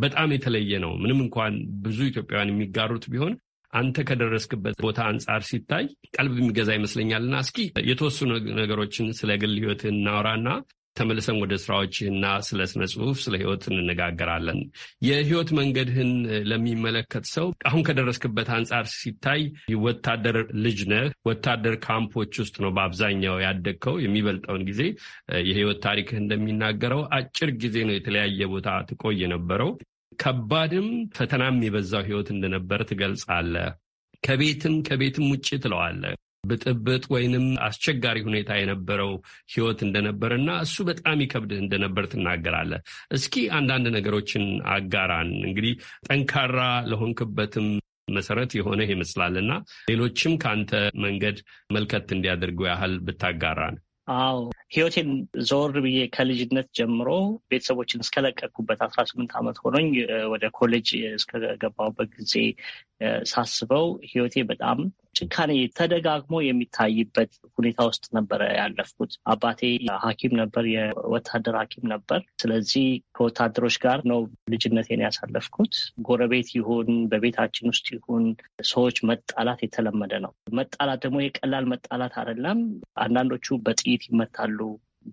በጣም የተለየ ነው። ምንም እንኳን ብዙ ኢትዮጵያውያን የሚጋሩት ቢሆን አንተ ከደረስክበት ቦታ አንጻር ሲታይ ቀልብ የሚገዛ ይመስለኛልና እስኪ የተወሰኑ ነገሮችን ስለ ግል ሕይወትህ እናውራና ተመልሰን ወደ ስራዎችህና ስለ ስነ ጽሁፍ ስለ ህይወት እንነጋገራለን። የህይወት መንገድህን ለሚመለከት ሰው አሁን ከደረስክበት አንጻር ሲታይ ወታደር ልጅ ነህ። ወታደር ካምፖች ውስጥ ነው በአብዛኛው ያደግከው። የሚበልጠውን ጊዜ የህይወት ታሪክህ እንደሚናገረው አጭር ጊዜ ነው የተለያየ ቦታ ትቆይ የነበረው። ከባድም ፈተናም የበዛው ህይወት እንደነበረ ትገልጻለህ። ከቤትም ከቤትም ውጭ ትለዋለህ። ብጥብጥ ወይንም አስቸጋሪ ሁኔታ የነበረው ህይወት እና እሱ በጣም ይከብድህ እንደነበር ትናገራለህ። እስኪ አንዳንድ ነገሮችን አጋራን። እንግዲህ ጠንካራ ለሆንክበትም መሰረት የሆነህ ይመስላልና ሌሎችም ከአንተ መንገድ መልከት እንዲያደርጉ ያህል ብታጋራን። አዎ ህይወቴን ዞር ብዬ ከልጅነት ጀምሮ ቤተሰቦችን እስከለቀቅኩበት አስራ ስምንት ዓመት ሆኖኝ ወደ ኮሌጅ እስከገባሁበት ጊዜ ሳስበው ህይወቴ በጣም ጭካኔ ተደጋግሞ የሚታይበት ሁኔታ ውስጥ ነበረ ያለፍኩት። አባቴ ሐኪም ነበር፣ የወታደር ሐኪም ነበር። ስለዚህ ከወታደሮች ጋር ነው ልጅነቴን ያሳለፍኩት። ጎረቤት ይሁን በቤታችን ውስጥ ይሁን ሰዎች መጣላት የተለመደ ነው። መጣላት ደግሞ የቀላል መጣላት አይደለም። አንዳንዶቹ በጥይት በግጭት ይመታሉ።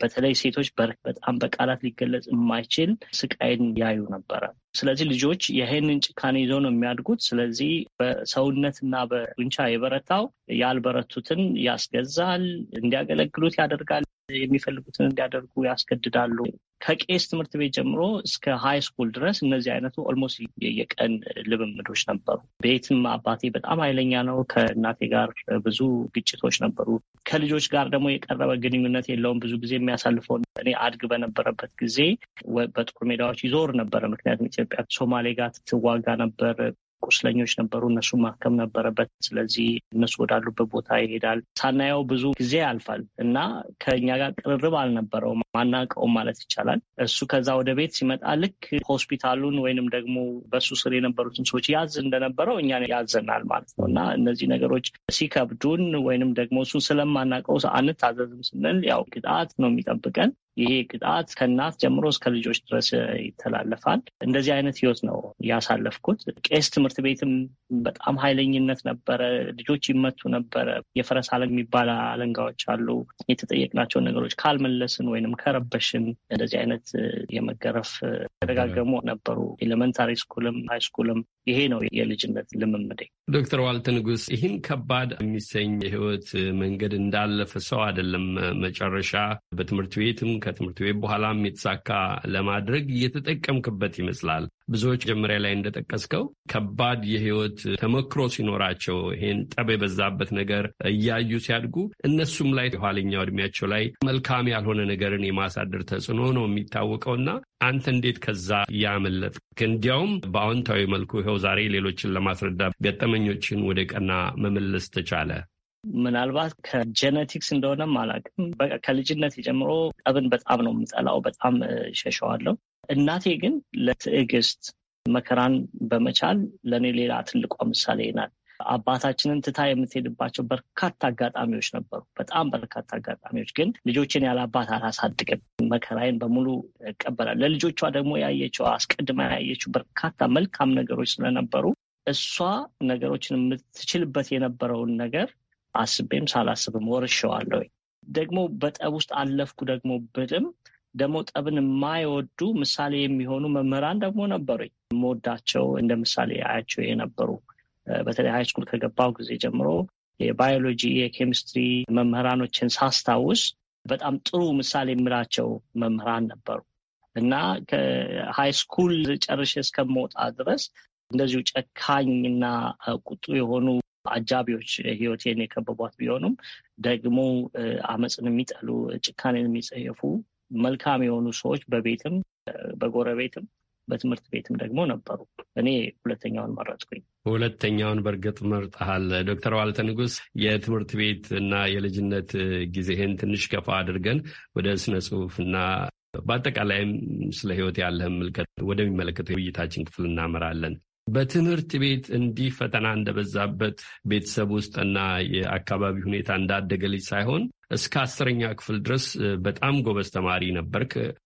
በተለይ ሴቶች በጣም በቃላት ሊገለጽ የማይችል ስቃይን ያዩ ነበረ። ስለዚህ ልጆች ይህንን ጭካኔ ይዘው ነው የሚያድጉት። ስለዚህ በሰውነትና በጡንቻ የበረታው ያልበረቱትን ያስገዛል፣ እንዲያገለግሉት ያደርጋል። የሚፈልጉትን እንዲያደርጉ ያስገድዳሉ። ከቄስ ትምህርት ቤት ጀምሮ እስከ ሀይ ስኩል ድረስ እነዚህ አይነቱ ኦልሞስት የቀን ልምምዶች ነበሩ። ቤትም አባቴ በጣም ኃይለኛ ነው። ከእናቴ ጋር ብዙ ግጭቶች ነበሩ። ከልጆች ጋር ደግሞ የቀረበ ግንኙነት የለውም። ብዙ ጊዜ የሚያሳልፈው እኔ አድግ በነበረበት ጊዜ በጦር ሜዳዎች ይዞር ነበረ። ምክንያቱም ኢትዮጵያ ሶማሌ ጋር ትዋጋ ነበር። ቁስለኞች ነበሩ፣ እነሱ ማከም ነበረበት። ስለዚህ እነሱ ወዳሉበት ቦታ ይሄዳል። ሳናየው ብዙ ጊዜ ያልፋል እና ከእኛ ጋር ቅርርብ አልነበረውም፣ ማናቀውም ማለት ይቻላል። እሱ ከዛ ወደ ቤት ሲመጣ ልክ ሆስፒታሉን ወይንም ደግሞ በሱ ስር የነበሩትን ሰዎች ያዝ እንደነበረው እኛ ያዘናል ማለት ነው እና እነዚህ ነገሮች ሲከብዱን ወይንም ደግሞ እሱን ስለማናውቀው አንታዘዝም ስንል ያው ቅጣት ነው የሚጠብቀን። ይሄ ቅጣት ከእናት ጀምሮ እስከ ልጆች ድረስ ይተላለፋል። እንደዚህ አይነት ህይወት ነው ያሳለፍኩት። ቄስ ትምህርት ቤትም በጣም ኃይለኝነት ነበረ። ልጆች ይመቱ ነበረ። የፈረስ አለ የሚባል አለንጋዎች አሉ። የተጠየቅናቸውን ነገሮች ካልመለስን ወይንም ከረበሽን እንደዚህ አይነት የመገረፍ ተደጋገሙ ነበሩ። ኤሌመንታሪ ስኩልም ሃይ ስኩልም ይሄ ነው የልጅነት ልምምዴ። ዶክተር ዋልተ ንጉስ ይህን ከባድ የሚሰኝ የህይወት መንገድ እንዳለፈ ሰው አይደለም መጨረሻ በትምህርት ቤትም ከትምህርት ቤት በኋላም የተሳካ ለማድረግ እየተጠቀምክበት ይመስላል። ብዙዎች መጀመሪያ ላይ እንደጠቀስከው ከባድ የህይወት ተሞክሮ ሲኖራቸው ይሄን ጠብ የበዛበት ነገር እያዩ ሲያድጉ እነሱም ላይ የኋለኛው እድሜያቸው ላይ መልካም ያልሆነ ነገርን የማሳደር ተጽዕኖ ነው የሚታወቀውና አንተ እንዴት ከዛ ያመለጥክ? እንዲያውም በአዎንታዊ መልኩ ይኸው ዛሬ ሌሎችን ለማስረዳት ገጠመኞችን ወደ ቀና መመለስ ተቻለ። ምናልባት ከጀነቲክስ እንደሆነም አላውቅም። ከልጅነት ጀምሮ ጠብን በጣም ነው የምጠላው፣ በጣም ሸሸዋለሁ። እናቴ ግን ለትዕግስት መከራን በመቻል ለእኔ ሌላ ትልቋ ምሳሌ ናት። አባታችንን ትታ የምትሄድባቸው በርካታ አጋጣሚዎች ነበሩ። በጣም በርካታ አጋጣሚዎች ግን ልጆችን ያለ አባት አላሳድግም፣ መከራዬን በሙሉ እቀበላለሁ። ለልጆቿ ደግሞ ያየችው አስቀድማ ያየችው በርካታ መልካም ነገሮች ስለነበሩ እሷ ነገሮችን የምትችልበት የነበረውን ነገር አስቤም ሳላስብም ወርሸዋለሁ። ደግሞ በጠብ ውስጥ አለፍኩ ደግሞ ብልም ደግሞ ጠብን የማይወዱ ምሳሌ የሚሆኑ መምህራን ደግሞ ነበሩኝ። የምወዳቸው እንደ ምሳሌ አያቸው የነበሩ በተለይ ሃይስኩል ከገባው ጊዜ ጀምሮ የባዮሎጂ የኬሚስትሪ መምህራኖችን ሳስታውስ በጣም ጥሩ ምሳሌ የሚላቸው መምህራን ነበሩ እና ከሃይስኩል ጨርሼ እስከመውጣ ድረስ እንደዚሁ ጨካኝ እና ቁጡ የሆኑ አጃቢዎች ህይወቴን የከበቧት ቢሆኑም ደግሞ አመፅን የሚጠሉ ጭካኔን የሚጸየፉ መልካም የሆኑ ሰዎች በቤትም በጎረቤትም በትምህርት ቤትም ደግሞ ነበሩ። እኔ ሁለተኛውን መረጥኩኝ። ሁለተኛውን በእርግጥ መርጠሃል። ዶክተር ዋልተ ንጉስ የትምህርት ቤት እና የልጅነት ጊዜህን ትንሽ ገፋ አድርገን ወደ ስነ ጽሁፍና በአጠቃላይም ስለ ህይወት ያለህን ምልከት ወደሚመለከተው የውይይታችን ክፍል እናመራለን። በትምህርት ቤት እንዲህ ፈተና እንደበዛበት ቤተሰብ ውስጥና የአካባቢ ሁኔታ እንዳደገ ልጅ ሳይሆን እስከ አስረኛ ክፍል ድረስ በጣም ጎበዝ ተማሪ ነበር።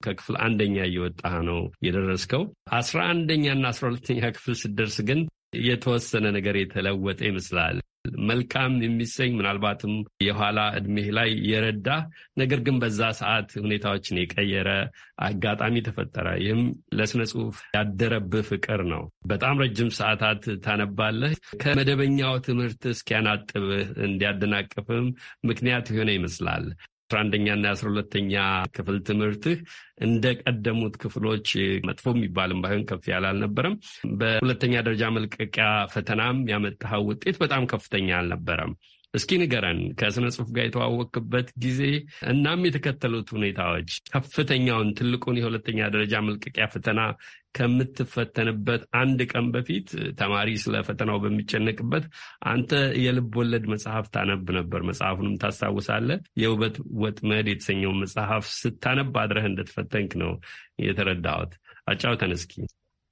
ከክፍል አንደኛ እየወጣህ ነው የደረስከው። አስራ አንደኛና አስራ ሁለተኛ ክፍል ስደርስ ግን የተወሰነ ነገር የተለወጠ ይመስላል። መልካም የሚሰኝ ምናልባትም የኋላ እድሜህ ላይ የረዳ ነገር ግን በዛ ሰዓት ሁኔታዎችን የቀየረ አጋጣሚ ተፈጠረ። ይህም ለስነ ጽሁፍ ያደረብህ ፍቅር ነው። በጣም ረጅም ሰዓታት ታነባለህ። ከመደበኛው ትምህርት እስኪያናጥብህ እንዲያደናቅፍም ምክንያት የሆነ ይመስላል። አስራ አንደኛና የአስራ ሁለተኛ ክፍል ትምህርትህ እንደ ቀደሙት ክፍሎች መጥፎ የሚባልም ባይሆን ከፍ ያለ አልነበረም። በሁለተኛ ደረጃ መልቀቂያ ፈተናም ያመጣኸው ውጤት በጣም ከፍተኛ አልነበረም። እስኪ ንገረን ከስነ ጽሁፍ ጋር የተዋወቅበት ጊዜ እናም የተከተሉት ሁኔታዎች ከፍተኛውን ትልቁን የሁለተኛ ደረጃ መልቀቂያ ፈተና ከምትፈተንበት አንድ ቀን በፊት ተማሪ ስለ ፈተናው በሚጨነቅበት አንተ የልብ ወለድ መጽሐፍ ታነብ ነበር። መጽሐፉንም ታስታውሳለህ። የውበት ወጥመድ የተሰኘው መጽሐፍ ስታነብ አድረህ እንደተፈተንክ ነው የተረዳሁት። አጫውተን እስኪ።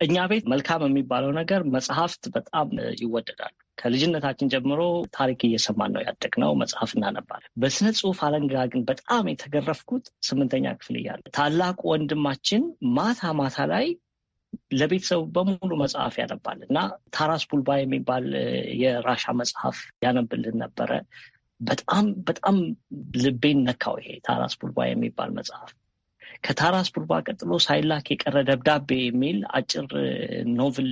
እኛ ቤት መልካም የሚባለው ነገር መጽሐፍት በጣም ይወደዳል ከልጅነታችን ጀምሮ ታሪክ እየሰማን ነው ያደግነው። መጽሐፍ እናነባል። በስነ ጽሁፍ አለንጋ ግን በጣም የተገረፍኩት ስምንተኛ ክፍል እያለ ታላቁ ወንድማችን ማታ ማታ ላይ ለቤተሰቡ በሙሉ መጽሐፍ ያነባል እና ታራስ ቡልባ የሚባል የራሻ መጽሐፍ ያነብልን ነበረ። በጣም በጣም ልቤን ነካው ይሄ ታራስ ቡልባ የሚባል መጽሐፍ። ከታራስ ቡልባ ቀጥሎ ሳይላክ የቀረ ደብዳቤ የሚል አጭር ኖቭል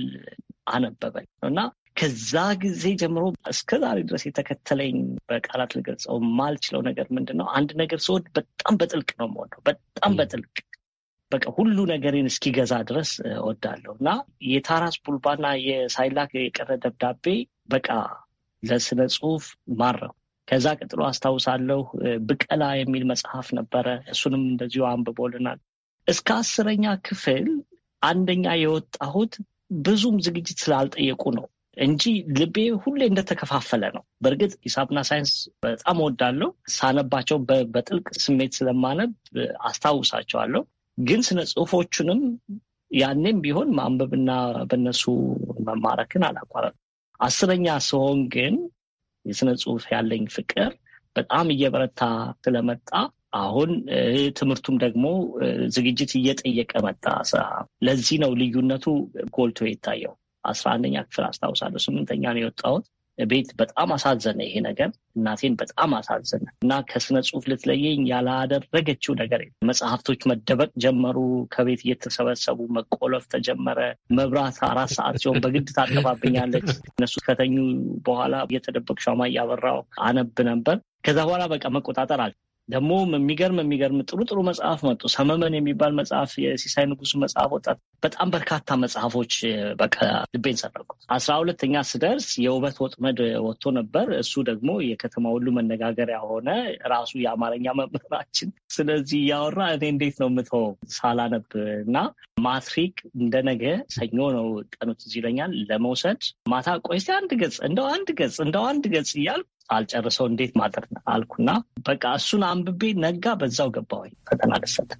አነበበን እና ከዛ ጊዜ ጀምሮ እስከ ዛሬ ድረስ የተከተለኝ በቃላት ልገልጸው የማልችለው ነገር ምንድን ነው? አንድ ነገር ስወድ በጣም በጥልቅ ነው የምወደው። በጣም በጥልቅ በቃ ሁሉ ነገሬን እስኪገዛ ድረስ እወዳለሁ እና የታራስ ቡልባና የሳይላክ የቀረ ደብዳቤ በቃ ለስነ ጽሁፍ ማረው። ከዛ ቀጥሎ አስታውሳለሁ ብቀላ የሚል መጽሐፍ ነበረ። እሱንም እንደዚሁ አንብቦልናል። እስከ አስረኛ ክፍል አንደኛ የወጣሁት ብዙም ዝግጅት ስላልጠየቁ ነው። እንጂ ልቤ ሁሌ እንደተከፋፈለ ነው። በእርግጥ ሂሳብና ሳይንስ በጣም እወዳለሁ። ሳነባቸው በጥልቅ ስሜት ስለማነብ አስታውሳቸዋለሁ። ግን ስነ ጽሁፎቹንም ያኔም ቢሆን ማንበብና በነሱ መማረክን አላቋረጥም። አስረኛ ሲሆን ግን የስነ ጽሁፍ ያለኝ ፍቅር በጣም እየበረታ ስለመጣ አሁን ትምህርቱም ደግሞ ዝግጅት እየጠየቀ መጣ። ለዚህ ነው ልዩነቱ ጎልቶ የታየው። አስራ አንደኛ ክፍል አስታውሳለሁ ስምንተኛ ነው የወጣሁት። ቤት በጣም አሳዘነ ይሄ ነገር፣ እናቴን በጣም አሳዘነ እና ከስነ ጽሁፍ ልትለየኝ ያላደረገችው ነገር መጽሐፍቶች መደበቅ ጀመሩ። ከቤት እየተሰበሰቡ መቆለፍ ተጀመረ። መብራት አራት ሰዓት ሲሆን በግድ ታጠፋብኛለች። እነሱ ከተኙ በኋላ እየተደበቅ ሻማ እያበራው አነብ ነበር። ከዛ በኋላ በቃ መቆጣጠር አለ ደግሞ የሚገርም የሚገርም ጥሩ ጥሩ መጽሐፍ መጡ። ሰመመን የሚባል መጽሐፍ፣ የሲሳይ ንጉሱ መጽሐፍ ወጣት። በጣም በርካታ መጽሐፎች በቃ ልቤን ሰረቁት። አስራ ሁለተኛ ስደርስ የውበት ወጥመድ ወጥቶ ነበር። እሱ ደግሞ የከተማ ሁሉ መነጋገሪያ ሆነ። ራሱ የአማርኛ መምህራችን ስለዚህ እያወራ እኔ እንዴት ነው የምተው ሳላነብ እና ማትሪክ እንደነገ ሰኞ ነው ቀኑት ትዝ ይለኛል ለመውሰድ ማታ ቆይ እስኪ አንድ ገጽ እንደው አንድ ገጽ እንደው አንድ ገጽ እያልኩ አልጨርሰው እንዴት ማድረግ አልኩና በቃ እሱን አንብቤ ነጋ፣ በዛው ገባ ፈተና ደሰተ።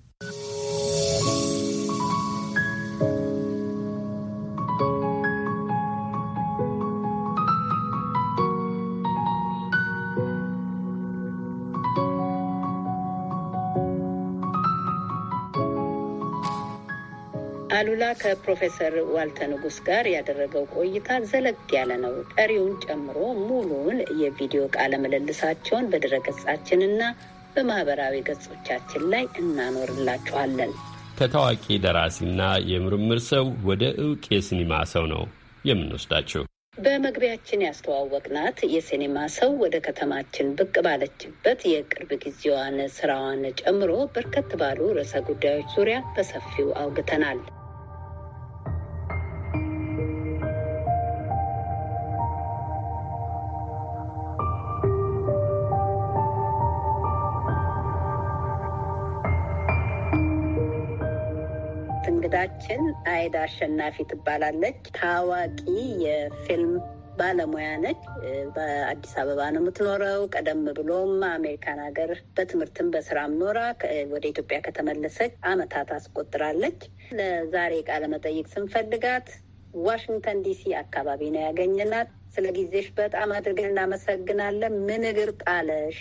አሉላ ከፕሮፌሰር ዋልተ ንጉስ ጋር ያደረገው ቆይታ ዘለግ ያለ ነው። ቀሪውን ጨምሮ ሙሉውን የቪዲዮ ቃለ ምልልሳቸውን በድረገጻችንና በማህበራዊ ገጾቻችን ላይ እናኖርላችኋለን። ከታዋቂ ደራሲና የምርምር ሰው ወደ እውቅ የሲኒማ ሰው ነው የምንወስዳቸው። በመግቢያችን ያስተዋወቅናት የሲኒማ ሰው ወደ ከተማችን ብቅ ባለችበት የቅርብ ጊዜዋን ስራዋን ጨምሮ በርከት ባሉ ርዕሰ ጉዳዮች ዙሪያ በሰፊው አውግተናል። እንግዳችን አይዳ አሸናፊ ትባላለች። ታዋቂ የፊልም ባለሙያ ነች። በአዲስ አበባ ነው የምትኖረው። ቀደም ብሎም አሜሪካን ሀገር በትምህርትም በስራም ኖራ ወደ ኢትዮጵያ ከተመለሰች አመታት አስቆጥራለች። ለዛሬ ቃለ መጠይቅ ስንፈልጋት ዋሽንግተን ዲሲ አካባቢ ነው ያገኘናት። ስለ ጊዜሽ በጣም አድርገን እናመሰግናለን። ምን እግር ጣለሽ?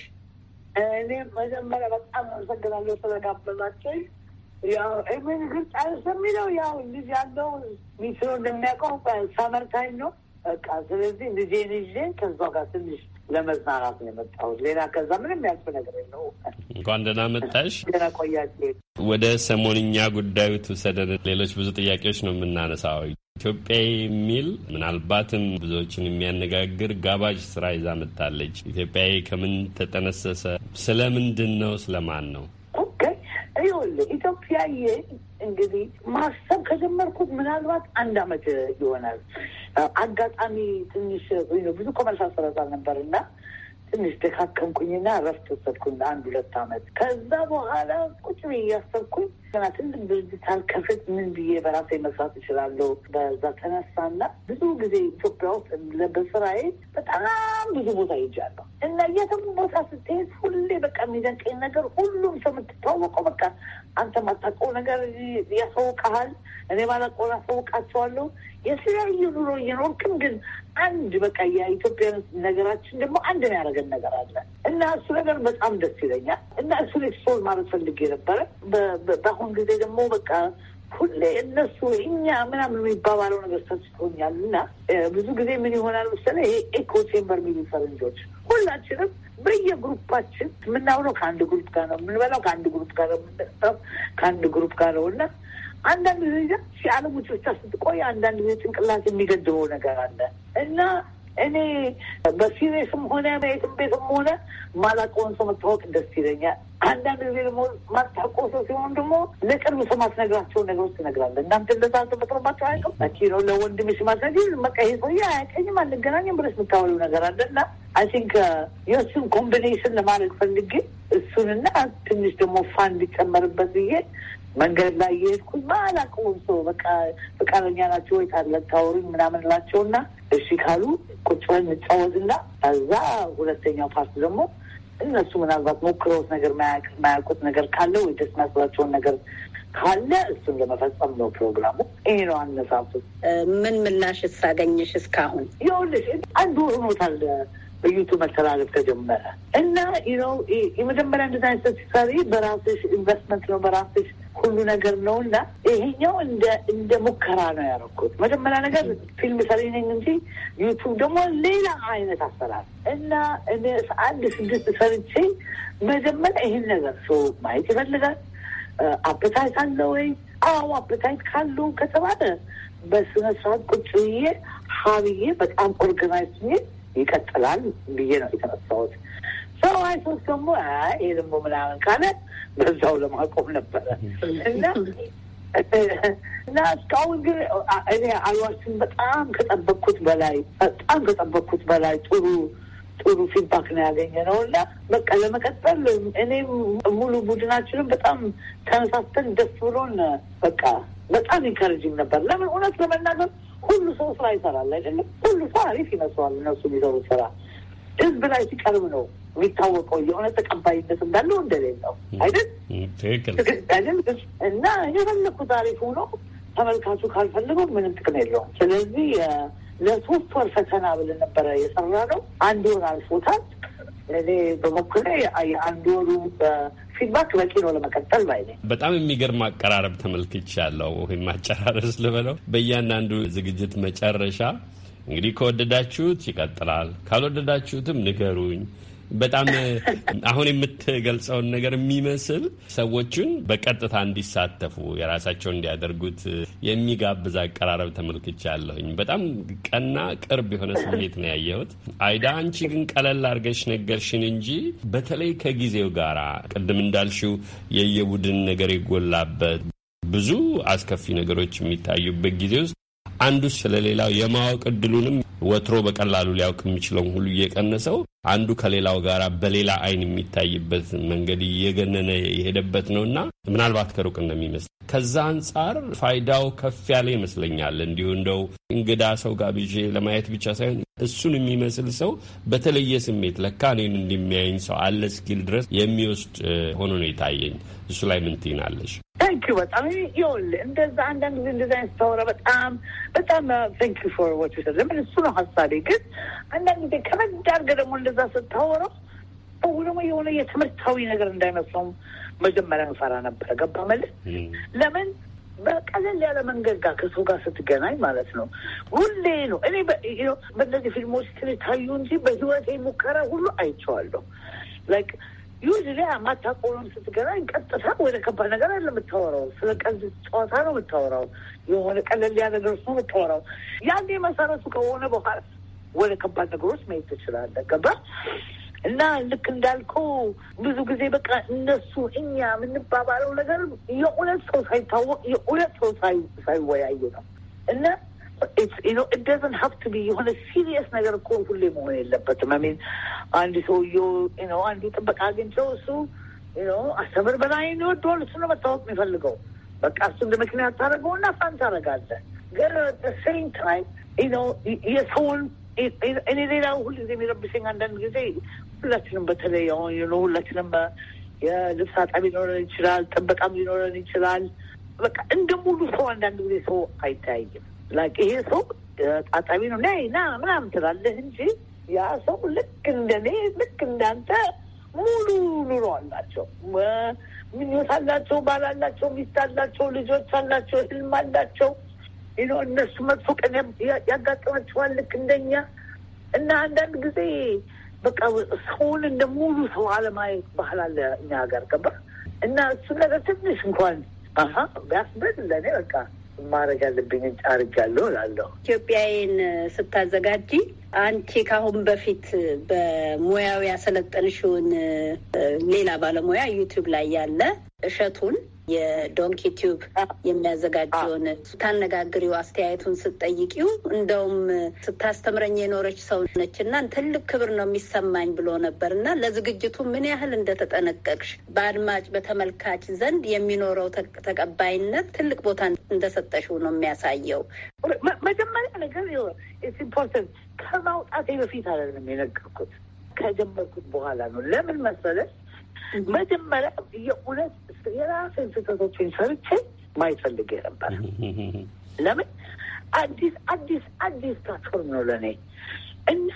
እኔ መጀመሪያ በጣም አመሰግናለሁ ስለጋበዛችሁኝ። ይህን ያው ልጅ ያለው ሚስሩ እንደሚያውቀው ሳመርታኝ ነው። በቃ ስለዚህ ልጄ ከዛ ጋር ትንሽ ለመዝናናት ነው የመጣሁት። ሌላ ከዛ ምንም ያልፍ ነገር የለው። እንኳን ደህና መጣሽ። ደህና ቆያችሁ። ወደ ሰሞንኛ ጉዳዩ ትውሰደን። ሌሎች ብዙ ጥያቄዎች ነው የምናነሳው። ኢትዮጵያ የሚል ምናልባትም ብዙዎችን የሚያነጋግር ጋባዥ ስራ ይዛ መጥታለች። ኢትዮጵያዊ ከምን ተጠነሰሰ? ስለምንድን ነው? ስለማን ነው? ይኸውልህ ኢትዮጵያዬ እንግዲህ ማሰብ ከጀመርኩት ምናልባት አንድ አመት ይሆናል። አጋጣሚ ትንሽ ብዙ ኮመርስ ስረዛል ነበር እና ትንሽ ደካከምኩኝና እረፍት ወሰድኩኝ ለአንድ ሁለት ዓመት። ከዛ በኋላ ቁጭ ብዬ እያሰብኩኝ ገና ትልቅ ድርጅት አልከፍት ምን ብዬ በራሴ መስራት እችላለሁ። በዛ ተነሳና ብዙ ጊዜ ኢትዮጵያ ውስጥ በስራዬ በጣም ብዙ ቦታ ይጃለሁ እና የትም ቦታ ስትሄድ ሁሌ በቃ የሚደንቀኝ ነገር ሁሉም ሰው የምትታወቀው በቃ አንተ ማታውቀው ነገር ያሳውቀሃል፣ እኔ ማላውቀውን አሳውቃቸዋለሁ። የተለያየ ኑሮ እየኖርክም ግን አንድ በቃ የኢትዮጵያ ነገራችን ደግሞ አንድ ያደረገን ነገር አለ እና እሱ ነገር በጣም ደስ ይለኛል እና እሱ ሶል ማለት ፈልጌ ነበረ። በአሁን ጊዜ ደግሞ በቃ ሁሌ እነሱ እኛ ምናምን የሚባባለው ነገር ሰስቶኛል እና ብዙ ጊዜ ምን ይሆናል መሰለህ ይሄ ኤኮ ቼምበር የሚሉ ፈረንጆች ሁላችንም በየግሩፓችን የምናውለው ከአንድ ግሩፕ ጋር ነው፣ የምንበላው ከአንድ ግሩፕ ጋር ነው፣ የምንጠጣው ከአንድ ግሩፕ ጋር ነው እና አንዳንድ ጊዜ የዓለም ብቻ ስትቆይ አንዳንድ ጊዜ ጭንቅላት የሚገድበው ነገር አለ እና እኔ በሲሬስም ሆነ የትም ቤትም ሆነ ማላውቀውን ሰው መታወቅ ደስ ይለኛል። አንዳንድ ጊዜ ደግሞ ማታውቀው ሰው ሲሆን ደግሞ ለቅርብ ሰው ማትነግራቸው ነገሮች ትነግራለህ። እናንተ እንደዛ አልተፈጠረባቸው አያውቅም መኪኖ ለወንድምሽ ማስነግር በቃ ይሄ ሰውዬ አያውቀኝም አንገናኝም ብለሽ የምታወሉ ነገር አለ እና አይ ቲንክ uh, የእሱን ኮምቢኔሽን ለማድረግ ፈልጌ እሱንና ትንሽ ደግሞ ፋን ሊጨመርበት ብዬ መንገድ ላይ እየሄድኩኝ ባላውቀውም ሰው በቃ ፈቃደኛ ናቸው ወይ ታለቃውሪ ምናምን ላቸው እና እሺ ካሉ ቁጭ ብለን እንጫወትና ከዛ ሁለተኛው ፓርት ደግሞ እነሱ ምናልባት ሞክረውት ነገር ማያውቁት ነገር ካለ ወይ ደስ የሚያስብላቸውን ነገር ካለ እሱን ለመፈጸም ነው ፕሮግራሙ። ይሄ ነው አነሳሱ። ምን ምላሽ ሳገኘሽ እስካሁን? ይኸውልሽ አንድ ወር ሆኖታል እዩቱ መተላለፍ ተጀመረ እና ነው የመጀመሪያ እንደዛ አይነት ሲሳሪ በራስሽ ኢንቨስትመንት ነው በራስሽ ሁሉ ነገር ነው እና ይሄኛው እንደ እንደ ሙከራ ነው ያደረኩት። መጀመሪያ ነገር ፊልም ሰሪ ነኝ እንጂ ዩቱብ ደግሞ ሌላ አይነት አሰራር እና አንድ ስድስት ሰርቼ መጀመሪያ ይህን ነገር ሰው ማየት ይፈልጋል። አፕታይት አለ ወይ? አዎ አፕታይት ካሉ ከተባለ በስነ ስርዓት ቁጭ ብዬ ሀብዬ በጣም ኦርጋናይዝ ይቀጥላል ብዬ ነው የተነሳሁት። ሰው ሶስት ደግሞ ይሄ ደግሞ ምናምን ካለ በዛው ለማቆም ነበረ እና እና እስካሁን ግን እኔ አልዋሽም፣ በጣም ከጠበቅኩት በላይ በጣም ከጠበቅኩት በላይ ጥሩ ጥሩ ፊድባክ ነው ያገኘ ነው እና በቃ ለመቀጠል እኔም ሙሉ ቡድናችንም በጣም ተነሳስተን ደስ ብሎን በቃ በጣም ኢንካሬጅም ነበር። ለምን እውነት ለመናገር ሁሉ ሰው ስራ ይሰራል አይደለም። ሁሉ ሰው አሪፍ ይመስለዋል። እነሱ የሚሰሩት ስራ ህዝብ ላይ ሲቀርብ ነው የሚታወቀው የሆነ ተቀባይነት እንዳለው እንደሌለው አይደል አይደል። እና የፈለኩት አሪፍ ሆኖ ተመልካቹ ካልፈለገው ምንም ጥቅም የለውም። ስለዚህ ለሶስት ወር ፈተና ብለን ነበረ የሰራ ነው። አንድ ወር አልፎታል። እኔ በበኩሌ የአንድ ወሩ ፊድባክ በቂ ነው ለመቀጠል ማለት ነው። በጣም የሚገርም አቀራረብ ተመልክቻለሁ ወይም አጨራረስ ልበለው። በእያንዳንዱ ዝግጅት መጨረሻ እንግዲህ ከወደዳችሁት ይቀጥላል፣ ካልወደዳችሁትም ንገሩኝ በጣም አሁን የምትገልጸውን ነገር የሚመስል ሰዎችን በቀጥታ እንዲሳተፉ የራሳቸውን እንዲያደርጉት የሚጋብዝ አቀራረብ ተመልክቻለሁኝ። በጣም ቀና ቅርብ የሆነ ስሜት ነው ያየሁት። አይዳ፣ አንቺ ግን ቀለል አድርገሽ ነገርሽን እንጂ በተለይ ከጊዜው ጋር ቅድም እንዳልሽው የየቡድን ነገር ይጎላበት ብዙ አስከፊ ነገሮች የሚታዩበት ጊዜ ውስጥ አንዱ ስለሌላው የማወቅ እድሉንም ወትሮ በቀላሉ ሊያውቅ የሚችለውን ሁሉ እየቀነሰው አንዱ ከሌላው ጋር በሌላ አይን የሚታይበት መንገድ እየገነነ የሄደበት ነው እና ምናልባት ከሩቅ እንደሚመስል ከዛ አንጻር ፋይዳው ከፍ ያለ ይመስለኛል። እንዲሁ እንደው እንግዳ ሰው ጋብዤ ለማየት ብቻ ሳይሆን እሱን የሚመስል ሰው በተለየ ስሜት ለካ እኔን እንደሚያየኝ ሰው አለ እስኪል ድረስ የሚወስድ ሆኖ ነው የታየኝ። እሱ ላይ ምን ትይናለሽ? ታንክ ዩ በጣም ይኸውልህ፣ እንደዛ አንዳንድ ጊዜ እንደዛ አይነት ስታወራ በጣም በጣም ታንክ ዩ ፎር ዋት ሰ ለምን እሱ ነው ሀሳቤ። ግን አንዳንድ ጊዜ ከበድ አድርገህ ደግሞ እንደዛ ስታወራው ሰው ደግሞ የሆነ የትምህርታዊ ነገር እንዳይመስለውም መጀመሪያ እንፈራ ነበረ። ገባ መልስ ለምን በቀለል ያለ መንገድ ጋር ከሰው ጋር ስትገናኝ ማለት ነው። ሁሌ ነው እኔ በእነዚህ ፊልሞች ስለታዩ እንጂ በህይወቴ ሙከራ ሁሉ አይቼዋለሁ። ላይክ ዩዝሊ የማታውቀውን ስትገናኝ ቀጥታ ወደ ከባድ ነገር አለ የምታወራው። ስለ ቀልድ ጨዋታ ነው የምታወራው። የሆነ ቀለል ያለ ደርስ ነው የምታወራው። ያኔ መሰረቱ ከሆነ በኋላ ወደ ከባድ ነገሮች መሄድ ትችላለህ። ገባህ? እና ልክ እንዳልከው ብዙ ጊዜ በቃ እነሱ እኛ የምንባባለው ነገር የሁለት ሰው ሳይታወቅ የሁለት ሰው ሳይወያየ ነው እና ደዝን ሀብት ቢ የሆነ ሲሪየስ ነገር እኮ ሁሌ መሆን የለበትም። አሜን አንድ ሰውዬው ነው አንዱ ጥበቃ አግኝተው እሱ አስተምር በላይ ይወደዋል። እሱ ነው መታወቅ የሚፈልገው። በቃ እሱ እንደ ምክንያት ታደርገውና ፋን ታደርጋለህ። ግን ሴም ታይም ነው የሰውን እኔ ሌላው ሁልጊዜ የሚረብሸኝ አንዳንድ ጊዜ ሁላችንም በተለይ አሁን ሁላችንም የልብስ አጣቢ ሊኖረን ይችላል፣ ጥበቃም ሊኖረን ይችላል። በቃ እንደ ሙሉ ሰው አንዳንድ ጊዜ ሰው አይተያይም ላቅ ይሄ ሰው ጣጣቢ ነው ና ና ምናምን ትላለህ እንጂ ያ ሰው ልክ እንደኔ ልክ እንዳንተ ሙሉ ኑሮ አላቸው፣ ምኞት አላቸው፣ ባል አላቸው፣ ሚስት አላቸው፣ ልጆች አላቸው፣ ህልም አላቸው። እነሱ መጥፎ ቀን ያጋጠማቸዋል ልክ እንደኛ እና አንዳንድ ጊዜ በቃ ሰውን እንደ ሙሉ ሰው አለማየት ባህል አለ እኛ ሀገር ገባ እና እሱን ነገር ትንሽ እንኳን ቢያስበል ለእኔ በቃ ማድረግ ያለብኝ አድርጋለሁ እላለሁ። ኢትዮጵያዬን ስታዘጋጂ አንቺ ከአሁን በፊት በሙያው ያሰለጠንሽውን ሌላ ባለሙያ ዩቱብ ላይ ያለ እሸቱን የዶንኪ ቲዩብ የሚያዘጋጀውን ስታነጋግሪው አስተያየቱን ስትጠይቂው እንደውም ስታስተምረኝ የኖረች ሰው ነች እና ትልቅ ክብር ነው የሚሰማኝ ብሎ ነበር እና ለዝግጅቱ ምን ያህል እንደተጠነቀቅሽ በአድማጭ በተመልካች ዘንድ የሚኖረው ተቀባይነት ትልቅ ቦታ እንደሰጠሽው ነው የሚያሳየው። መጀመሪያ ነገር ከማውጣቴ በፊት አይደለም የነገርኩት ከጀመርኩት በኋላ ነው። ለምን መሰለሽ መጀመሪያ የእውነት የራሴን ስህተቶችን ሰርቼ ማይፈልግ ነበር። ለምን አዲስ አዲስ አዲስ ፕላትፎርም ነው ለእኔ እና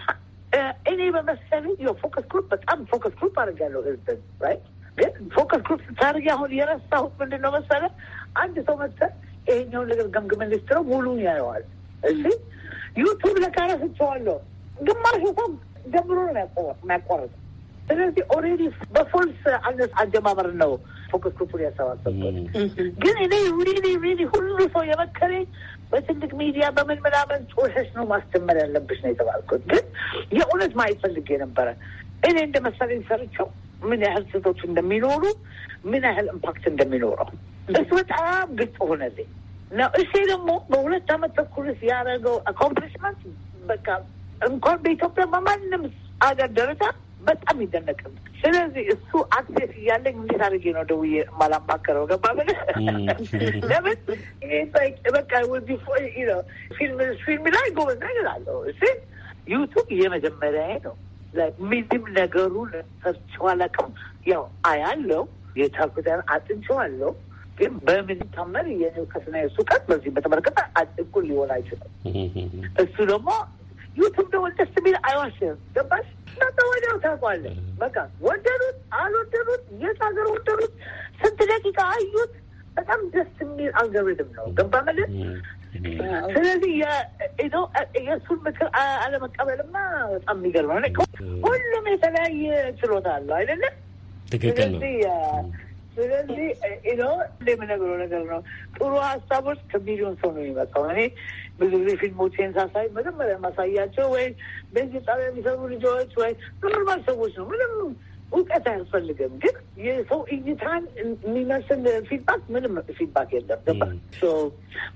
እኔ በመሰሌ የፎከስ ግሩፕ በጣም ፎከስ ግሩፕ አድርጋለሁ ህዝብን ራይት ግን ፎከስ ግሩፕ ስታደርጊ አሁን የረሳሁት ምንድን ነው መሰለ አንድ ሰው መሰለህ ይሄኛውን ነገር ገምግመን ልስጥረው ሙሉን ያየዋል። እዚህ ዩቱብ ለካረስቸዋለሁ ግማሽ ሰው ጀምሮ ነው የሚያቋርጥ ስለዚህ ኦልሬዲ በፎልስ አይነት አጀማመር ነው ፎክስኩፉን ያሰባሰብኩት። ግን እኔ ሪሊ ሪሊ ሁሉ ሰው የመከረኝ በትልቅ ሚዲያ በምን ምናምን ጽሁፈሽ ነው ማስጀመር ያለብሽ ነው የተባልኩት። ግን የእውነት ማየት ፈልጌ ነበረ እኔ እንደ መሰለኝ ሰርቸው ምን ያህል ስህተቶች እንደሚኖሩ ምን ያህል ኢምፓክት እንደሚኖረው እሱ በጣም ግልጽ ሆነልኝ ነው። እሴ ደግሞ በሁለት አመት ተኩልስ ያደረገው አኮምፕሊሽመንት በቃ እንኳን በኢትዮጵያ በማንም አገር ደረጃ በጣም ይደነቅም። ስለዚህ እሱ አክሴስ እያለኝ እንዴት አድርጌ ነው ደውዬ የማላማከረው? ገባ ምን ለምን በቃ ወዚ ፊልም ላይ ጎበዝ ነገር አለው እ ዩቱብ የመጀመሪያ ነው። ምንም ነገሩን ሰርቼው ያው አያለው የቻልኩትን አጥንቼዋለሁ ግን በምን ታመር የኒውከስና የሱ ቀን በዚህ በተመለከተ አጭቁ ሊሆን አይችላል። እሱ ደግሞ ዩቱብ ደግሞ ደስ የሚል አይዋሽም። ገባሽ? እናንተ ወዲያው ታውቋለህ። በቃ ወደዱት አልወደዱት፣ የት ሀገር ወደዱት፣ ስንት ደቂቃ አዩት። በጣም ደስ የሚል አልጎሪትም ነው። ገባ መልስ ስለዚህ የእሱን ምክር አለመቀበልማ በጣም የሚገርም ነው። ሁሉም የተለያየ ችሎታ አለው አይደለም? ስለዚህ ስለዚህ ነው የምነግረው ነገር ነው። ጥሩ ሀሳቦች ከሚሊዮን ሰው ነው የሚመጣው። እኔ ብዙ ጊዜ ፊልሞቼን ሳሳይ መጀመሪያ ማሳያቸው ወይ በዚህ ጣቢያ የሚሰሩ ልጆች ወይ ኖርማል ሰዎች ነው። ምንም እውቀት አያስፈልግም። ግን የሰው እይታን የሚመስል ፊድባክ ምንም ፊድባክ የለም።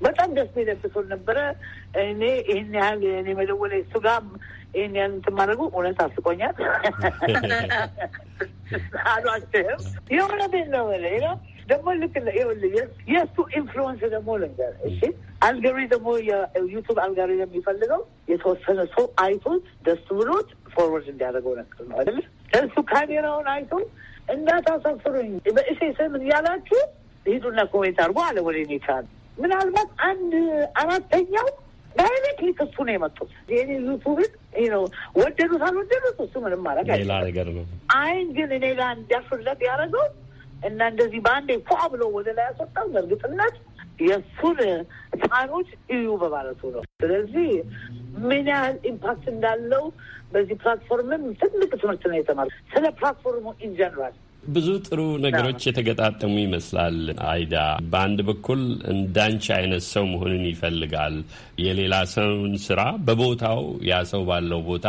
በጣም ደስ የሚለብሰው ነበረ። እኔ ይህን ያህል እኔ መደወለ እሱ ጋር ይህን ያህል እንትን ማድረጉ እውነት አስቆኛል። አሏቸውም የሆነ ቤት ነው ሌላ ደግሞ ልክ የእሱ ኢንፍሉዌንስ ደግሞ ልንገር እሺ። አልገሪ ደግሞ የዩቱብ አልጋሪዝም የሚፈልገው የተወሰነ ሰው አይቶት ደስ ብሎት ፎርወርድ እንዲያደርገው ነክል ነው አይደለ? እሱ ካሜራውን አይቶ እንዳታሳፍሩኝ በእሴ ስም እያላችሁ ሂዱና ኮሜንት አድርጎ አለ ወደ እኔ ምናልባት አንድ አራተኛው ዳይሬክትሊ ክሱ ነው የመጡት። የኔ ዩቱብን ነው ወደዱት አልወደዱት እሱ ምንም ማድረግ አይ ነው። አይን ግን እኔ ጋር እንዲያፍርለት ያደረገው እና እንደዚህ በአንዴ ፏ ብሎ ወደ ላይ ያስወጣው በእርግጥነት የእሱን ህፃኖች እዩ በማለቱ ነው። ስለዚህ ምን ያህል ኢምፓክት እንዳለው በዚህ ፕላትፎርምም ትልቅ ትምህርት ነው የተማርኩት ስለ ፕላትፎርሙ ኢንጀነራል ብዙ ጥሩ ነገሮች የተገጣጠሙ ይመስላል። አይዳ በአንድ በኩል እንዳንቺ አይነት ሰው መሆንን ይፈልጋል። የሌላ ሰውን ስራ በቦታው ያ ሰው ባለው ቦታ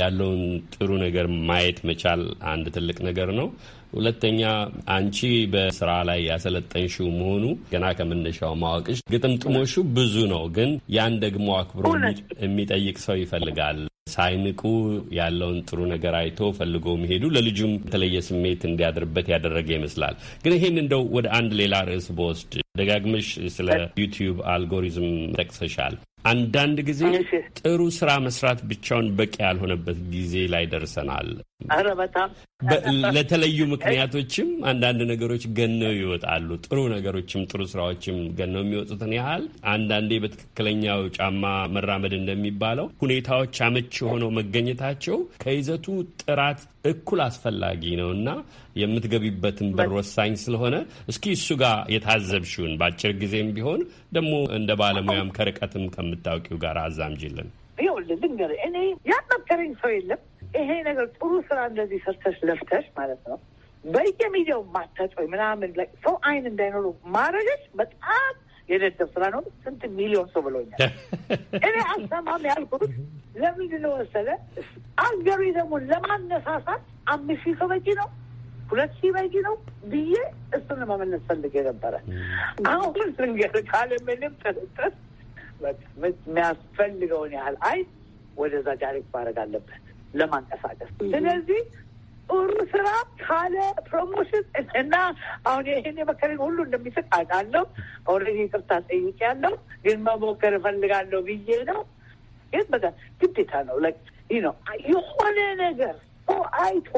ያለውን ጥሩ ነገር ማየት መቻል አንድ ትልቅ ነገር ነው። ሁለተኛ አንቺ በስራ ላይ ያሰለጠንሽው መሆኑ ገና ከመነሻው ማወቅሽ፣ ግጥምጥሞሹ ብዙ ነው፣ ግን ያን ደግሞ አክብሮ የሚጠይቅ ሰው ይፈልጋል። ሳይንቁ ያለውን ጥሩ ነገር አይቶ ፈልጎ መሄዱ ለልጁም የተለየ ስሜት እንዲያድርበት ያደረገ ይመስላል። ግን ይሄን እንደው ወደ አንድ ሌላ ርዕስ በወስድ ደጋግመሽ ስለ ዩቲዩብ አልጎሪዝም ጠቅሰሻል። አንዳንድ ጊዜ ጥሩ ስራ መስራት ብቻውን በቂ ያልሆነበት ጊዜ ላይ ደርሰናል። በጣም ለተለዩ ምክንያቶችም አንዳንድ ነገሮች ገነው ይወጣሉ። ጥሩ ነገሮችም ጥሩ ስራዎችም ገነው የሚወጡትን ያህል አንዳንዴ በትክክለኛው ጫማ መራመድ እንደሚባለው ሁኔታዎች አመች ሆነው መገኘታቸው ከይዘቱ ጥራት እኩል አስፈላጊ ነው እና የምትገቢበትን በር ወሳኝ ስለሆነ እስኪ እሱ ጋር የታዘብሽውን በአጭር ጊዜም ቢሆን ደግሞ እንደ ባለሙያም ከርቀትም ከምታውቂው ጋር አዛምጅልን። ይኸውልህ ልንገርህ፣ እኔ ያናገረኝ ሰው የለም ይሄ ነገር ጥሩ ስራ እንደዚህ ሰርተሽ ለፍተሽ ማለት ነው በየሚዲያው ማታጭ ወይ ምናምን ሰው አይን እንዳይኖሩ ማድረግሽ በጣም የደደብ ስራ ነው። ስንት ሚሊዮን ሰው ብሎኛል። እኔ አልሰማም ያልኩት ለምንድን ነው መሰለ? አገሩ ደግሞ ለማነሳሳት አምስት ሺህ ሰው በቂ ነው፣ ሁለት ሺህ በቂ ነው ብዬ እሱን ለማመለስ ፈልግ የነበረ አሁን ስንገር ካለ ምንም ጥርጥር የሚያስፈልገውን ያህል አይ ወደዛ ዳይሬክት ማድረግ አለብን። ለማንቀሳቀስ። ስለዚህ ጥሩ ስራ ካለ ፕሮሞሽን እና አሁን ይህን የመከረኝ ሁሉ እንደሚስቅ አውቃለሁ። ኦልሬዲ ይቅርታ ያለው ግን መሞከር እፈልጋለሁ ብዬ ነው። ግን በቃ ግዴታ ነው ነው የሆነ ነገር አይቶ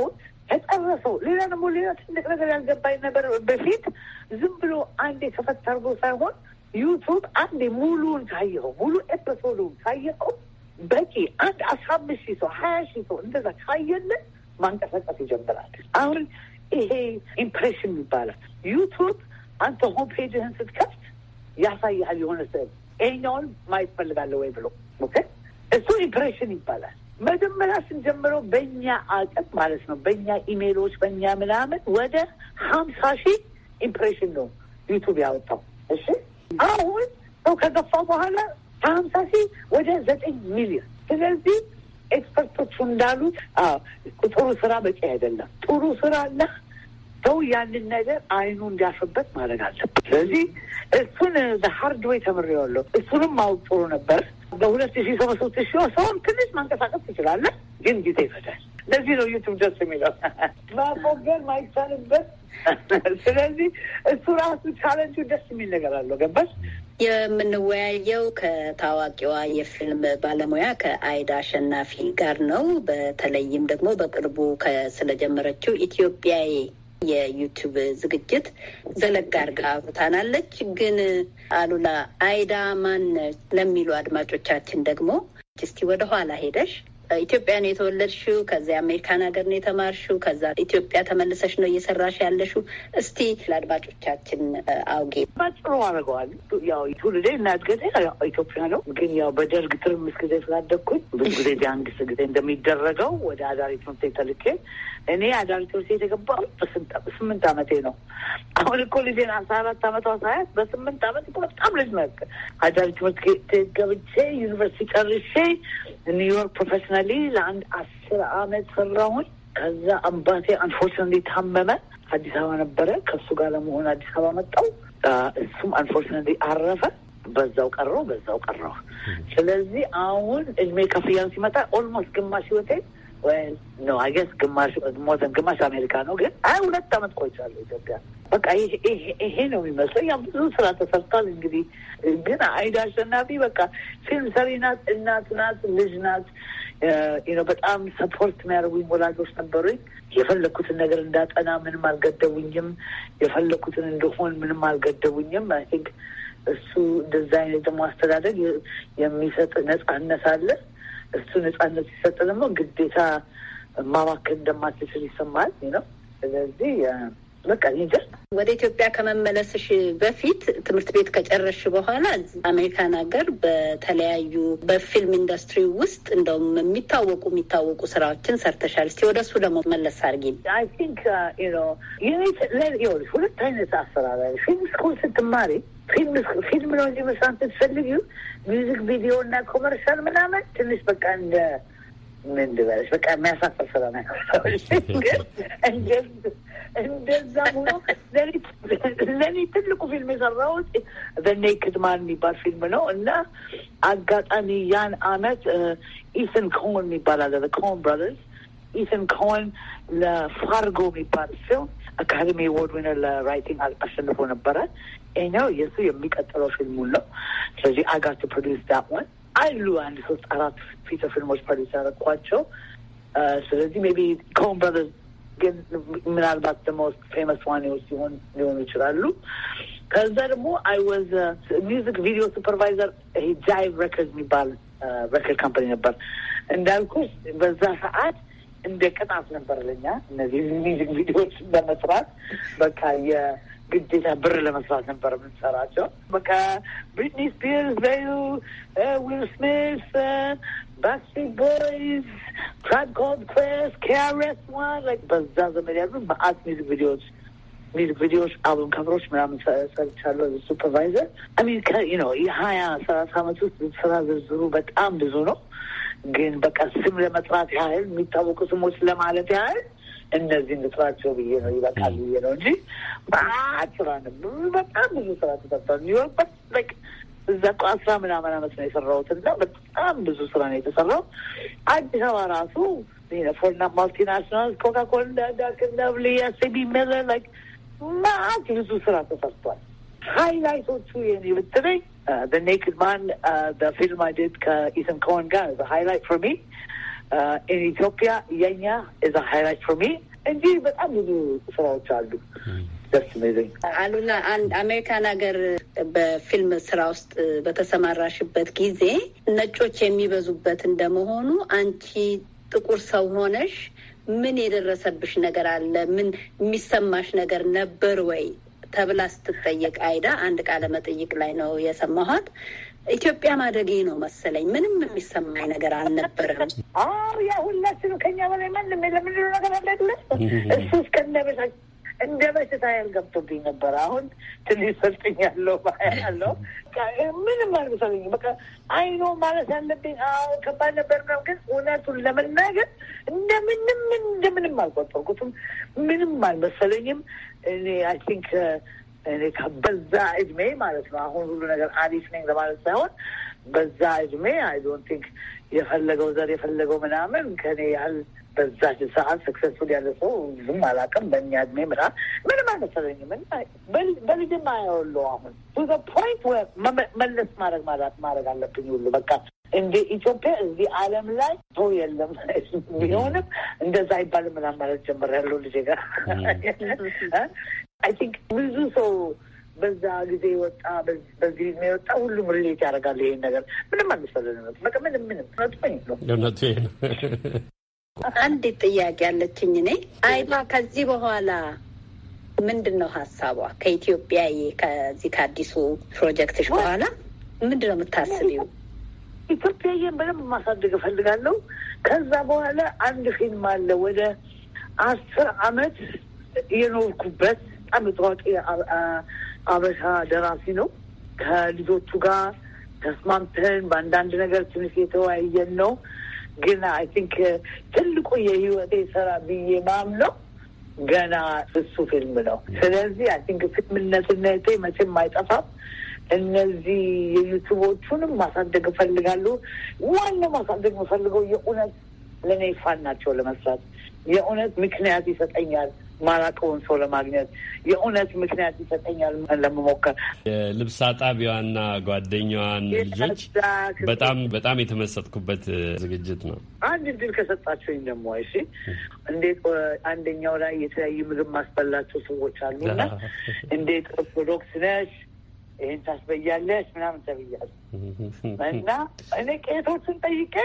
ተጠረሰው። ሌላ ደግሞ ሌላ ትልቅ ነገር ያልገባኝ ነበር በፊት ዝም ብሎ አንድ የተፈታ አድርጎ ሳይሆን ዩቱብ አንዴ ሙሉን ካየኸው ሙሉ ኤፒሶዱን ካየኸው በቂ አንድ አስራ አምስት ሺህ ሰው ሀያ ሺህ ሰው እንደዛ ካየልን ማንቀሳቀስ ይጀምራል። አሁን ይሄ ኢምፕሬሽን ይባላል። ዩቱብ አንተ ሆም ፔጅህን ስትከፍት ያሳይሃል የሆነ ስዕል ይሄኛውን ማየት ፈልጋለሁ ወይ ብሎ እሱ ኢምፕሬሽን ይባላል። መጀመሪያ ስንጀምረው በእኛ አቅም ማለት ነው በእኛ ኢሜሎች በእኛ ምናምን ወደ ሀምሳ ሺህ ኢምፕሬሽን ነው ዩቱብ ያወጣው። እሺ አሁን ሰው ከገፋ በኋላ ከሀምሳ ሺህ ወደ ዘጠኝ ሚሊዮን ስለዚህ ኤክስፐርቶቹ እንዳሉት ጥሩ ስራ በቂ አይደለም። ጥሩ ስራ አለ። ሰው ያንን ነገር አይኑ እንዲያፍበት ማድረግ አለበት። ስለዚህ እሱን ሀርድ ወይ ተምሬዋለሁ። እሱንም ማወቅ ጥሩ ነበር። በሁለት ሺ ሺህ ሺ ሰውን ትንሽ ማንቀሳቀስ ትችላለህ፣ ግን ጊዜ ይፈጃል። ለዚህ ነው ዩቱብ ደስ የሚለው ማፎገር ማይቻልበት። ስለዚህ እሱ ራሱ ቻለንጁ ደስ የሚል ነገር አለው። ገባሽ? የምንወያየው ከታዋቂዋ የፊልም ባለሙያ ከአይዳ አሸናፊ ጋር ነው። በተለይም ደግሞ በቅርቡ ስለጀመረችው ኢትዮጵያዊ የዩቱብ ዝግጅት ዘለግ አድርጋ አውርታናለች። ግን አሉላ አይዳ ማን ለሚሉ አድማጮቻችን ደግሞ እስቲ ወደኋላ ሄደሽ ኢትዮጵያ ነው የተወለድሽው፣ ከዚያ አሜሪካን ሀገር ነው የተማርሽው፣ ከዛ ኢትዮጵያ ተመልሰሽ ነው እየሰራሽ ያለሽው። እስቲ ለአድማጮቻችን አውጌ ባጭሩ አድርገዋል። ያው ትውልዴ እና እድገቴ ኢትዮጵያ ነው፣ ግን ያው በደርግ ትርምስ ጊዜ ስላደግኩኝ ብዙ ጊዜ ቢያንግስ ጊዜ እንደሚደረገው ወደ አዳሪ ትምህርት ቤት ተልኬ እኔ አዳሪ ትምህርት ቤት ስምንት ዓመቴ ነው። አሁን እኮ ልጄን አስራ አራት ዓመቷ ሳያት በስምንት ዓመት እኮ በጣም ልጅ መክ አዳሪ ትምህርት ገብቼ ዩኒቨርሲቲ ጨርሼ ኒውዮርክ ፕሮፌሽናል ፕሮፌሽናሊ ለአንድ አስር አመት ሰራሁኝ። ከዛ አባቴ አንፎርሽናሊ ታመመ። አዲስ አበባ ነበረ። ከሱ ጋር ለመሆን አዲስ አበባ መጣው። እሱም አንፎርሽናሊ አረፈ። በዛው ቀረው፣ በዛው ቀረው። ስለዚህ አሁን እድሜ ከፍያን ሲመጣ ኦልሞስት ግማሽ ህይወቴ ነው አይገስ ግማሽ ሞተን ግማሽ አሜሪካ ነው። ግን አይ ሁለት አመት ቆይቻለሁ ኢትዮጵያ። በቃ ይሄ ነው የሚመስለው። ያ ብዙ ስራ ተሰርቷል። እንግዲህ ግን አይዳ አሸናፊ በቃ ፊልም ሰሪ ናት፣ እናት ናት፣ ልጅ ናት። ነው በጣም ሰፖርት የሚያደርጉኝ ወላጆች ነበሩኝ። የፈለግኩትን ነገር እንዳጠና ምንም አልገደቡኝም። የፈለግኩትን እንደሆን ምንም አልገደቡኝም። አይ ቲንክ እሱ እንደዛ አይነት ደግሞ አስተዳደግ የሚሰጥ ነጻነት አለ። እሱ ነጻነት ሲሰጥ ደግሞ ግዴታ ማባከን እንደማትችል ይሰማል ነው ስለዚህ በቃ ጀስት ወደ ኢትዮጵያ ከመመለስሽ በፊት ትምህርት ቤት ከጨረስሽ በኋላ አሜሪካን ሀገር በተለያዩ በፊልም ኢንዱስትሪ ውስጥ እንደውም የሚታወቁ የሚታወቁ ስራዎችን ሰርተሻል። እስኪ ወደ እሱ ደግሞ መለስ አድርጊ። አይ ቲንክ ሁለት አይነት አሰራር ፊልም ስኩል ስትማሪ ፊልም ነው እንጂ መስራት ስትፈልጊ ሚውዚክ ቪዲዮ እና ኮመርሻል ምናምን ትንሽ በቃ እንደ ምን ልበለሽ፣ በቃ የሚያሳፍር ስራ እንደዛ ሆኖ ለእኔ ትልቁ ፊልም የሰራሁት ኔክድ ማን የሚባል ፊልም ነው እና አጋጣሚ ያን አመት ኢትን ኮን የሚባል አለ ኮን ብራዘርስ ኢትን ኮን ለፋርጎ የሚባል ፊልም አካዴሚ አዋርድ ዊነር ለራይቲንግ አሸንፎ ነበረ። ይኸኛው የእሱ የሚቀጥለው ፊልሙን ነው። ስለዚህ አጋት ፕሮዲውስ ዳት ዋን አሉ አንድ ሶስት አራት ፊቸር ፊልሞች ፕሮዲስ ያደረግኳቸው። ስለዚህ ሜቢ ኮን ብረዘርስ ግን ምናልባት ደግሞ ፌመስ ዋኔዎች ሲሆን ሊሆኑ ይችላሉ። ከዛ ደግሞ አይ ወዝ ሚውዚክ ቪዲዮ ሱፐርቫይዘር ጃይቭ ሬከርድ የሚባል ሬከርድ ካምፓኒ ነበር። እንዳልኩ በዛ ሰዓት እንደ ቅጣት ነበር ለኛ እነዚህ ሚውዚክ ቪዲዮዎች በመስራት በቃ ግዴታ ብር ለመስራት ነበር የምንሰራቸው። በቃ ብሪትኒ ስፒርስ በዩ፣ ዊል ስሚስ፣ ባክሲ ቦይዝ፣ ትራይብ ኮልድ ኳስ፣ ኬአርኤስ ዋን በዛ ዘመን ያሉ መአት ሚዚክ ቪዲዮዎች ሚዚክ ቪዲዮዎች አብም ከብሮች ምናምን ሰርቻለሁ። ሱፐርቫይዘር አሚን ነው። የሀያ ሰላሳ አመት ውስጥ ስራ ዝርዝሩ በጣም ብዙ ነው። ግን በቃ ስም ለመጥራት ያህል የሚታወቁ ስሞች ለማለት ያህል እነዚህ እንድስራቸው ብዬ ነው ይበቃል ብዬ ነው እንጂ በአት ስራ ነበር። በጣም ብዙ ስራ ተሰርቷል። ኒውዮርክ በቅ እዛ እኮ አስራ ምናምን አመት ነው የሰራሁት እና በጣም ብዙ ስራ ነው የተሰራው። አዲስ አበባ ራሱ ፎርና ማልቲናሽናል ኮካኮላ፣ ዳክናብሊ፣ ሴቢ ሚለር ላይክ ማአት ብዙ ስራ ተሰርቷል። ሃይላይቶቹ የኔ ብትለኝ ኔክድ ማን ፊልም አይደት ከኢትን ኮን ጋር ሃይላይት ፎር ሚ ኢትዮጵያ የኛ ኢዝ ሃይላይት ፎር ሚ እንጂ በጣም ብዙ ስራዎች አሉ። አሉና አንድ አሜሪካን ሀገር በፊልም ስራ ውስጥ uh, በተሰማራሽበት ጊዜ ነጮች የሚበዙበት እንደመሆኑ አንቺ ጥቁር ሰው ሆነሽ ምን የደረሰብሽ ነገር አለ? ምን የሚሰማሽ ነገር ነበር ወይ? ተብላ ስትጠየቅ አይዳ አንድ ቃለ መጠይቅ ላይ ነው የሰማኋት። ኢትዮጵያ ማደጌ ነው መሰለኝ። ምንም የሚሰማኝ ነገር አልነበረም። አዎ ያ ሁላችንም ከኛ በላይ ማንም ለምንድነው ነገር አለለ እሱ እስከነበሳ እንደ በሽታ ያልገብቶብኝ ነበር። አሁን ትንሽ ሰልጥኝ ያለው ያለው ምንም አልመሰለኝም። በቃ አይኖ ማለት ያለብኝ አዎ ከባድ ነበር ነው፣ ግን እውነቱን ለመናገር እንደምንም እንደምንም አልቆጠርኩትም። ምንም አልመሰለኝም። እኔ አይ ቲንክ በዛ እድሜ ማለት ነው። አሁን ሁሉ ነገር አሪፍ ነኝ ለማለት ሳይሆን በዛ እድሜ አይ ዶንት ቲንክ የፈለገው ዘር የፈለገው ምናምን ከኔ ያህል በዛች ሰዓት ስክሰስፉል ያለ ሰው ብዙም አላውቅም። በእኛ እድሜ ምራ ምንም አልመሰለኝም። እና በልጅም አያውለው አሁን ቱ ፖይንት መለስ ማድረግ ማድረግ አለብኝ ሁሉ በቃ እንደ ኢትዮጵያ እዚህ ዓለም ላይ ሰው የለም። ቢሆንም እንደዛ አይባል ምናምን ማለት ጀመር ያለው ልጄ ጋር አይ ቲንክ ብዙ ሰው በዛ ጊዜ ወጣ በዚህ ዕድሜ ወጣ፣ ሁሉም ሪሌት ያደርጋል ይሄን ነገር ምንም አንፈልንም። በቃ ምንም ምንም እውነቱ ነው። አንድ ጥያቄ አለችኝ እኔ አይማ፣ ከዚህ በኋላ ምንድን ነው ሀሳቧ ከኢትዮጵያ ከዚህ ከአዲሱ ፕሮጀክትሽ በኋላ ምንድን ነው የምታስቢው? ኢትዮጵያዬን በደንብ ማሳደግ እፈልጋለሁ። ከዛ በኋላ አንድ ፊልም አለ ወደ አስር አመት የኖርኩበት በጣም የታዋቂ አበሻ ደራሲ ነው። ከልጆቹ ጋር ተስማምተን በአንዳንድ ነገር ትንሽ የተወያየን ነው። ግን አይ ቲንክ ትልቁ የህይወቴ ስራ ብዬ ማምነው ገና እሱ ፊልም ነው። ስለዚህ አይ ቲንክ ፊልምነትነቴ መቼም አይጠፋም። እነዚህ የዩቱቦቹንም ማሳደግ እፈልጋለሁ። ዋና ማሳደግ የምፈልገው የእውነት ለእኔ ፋን ናቸው ለመስራት የእውነት ምክንያት ይሰጠኛል ማላቀውን ሰው ለማግኘት የእውነት ምክንያት ይሰጠኛል ለመሞከር። የልብስ አጣቢዋና ጓደኛዋን ልጆች በጣም በጣም የተመሰጥኩበት ዝግጅት ነው። አንድ እድል ከሰጣችሁኝ ደግሞ እሺ፣ እንዴት አንደኛው ላይ የተለያዩ ምግብ ማስበላቸው ሰዎች አሉና እንዴት ኦርቶዶክስ ነሽ ይህን ታስበያለች ምናምን ተብያለሁ እና እኔ ቄቶችን ጠይቄ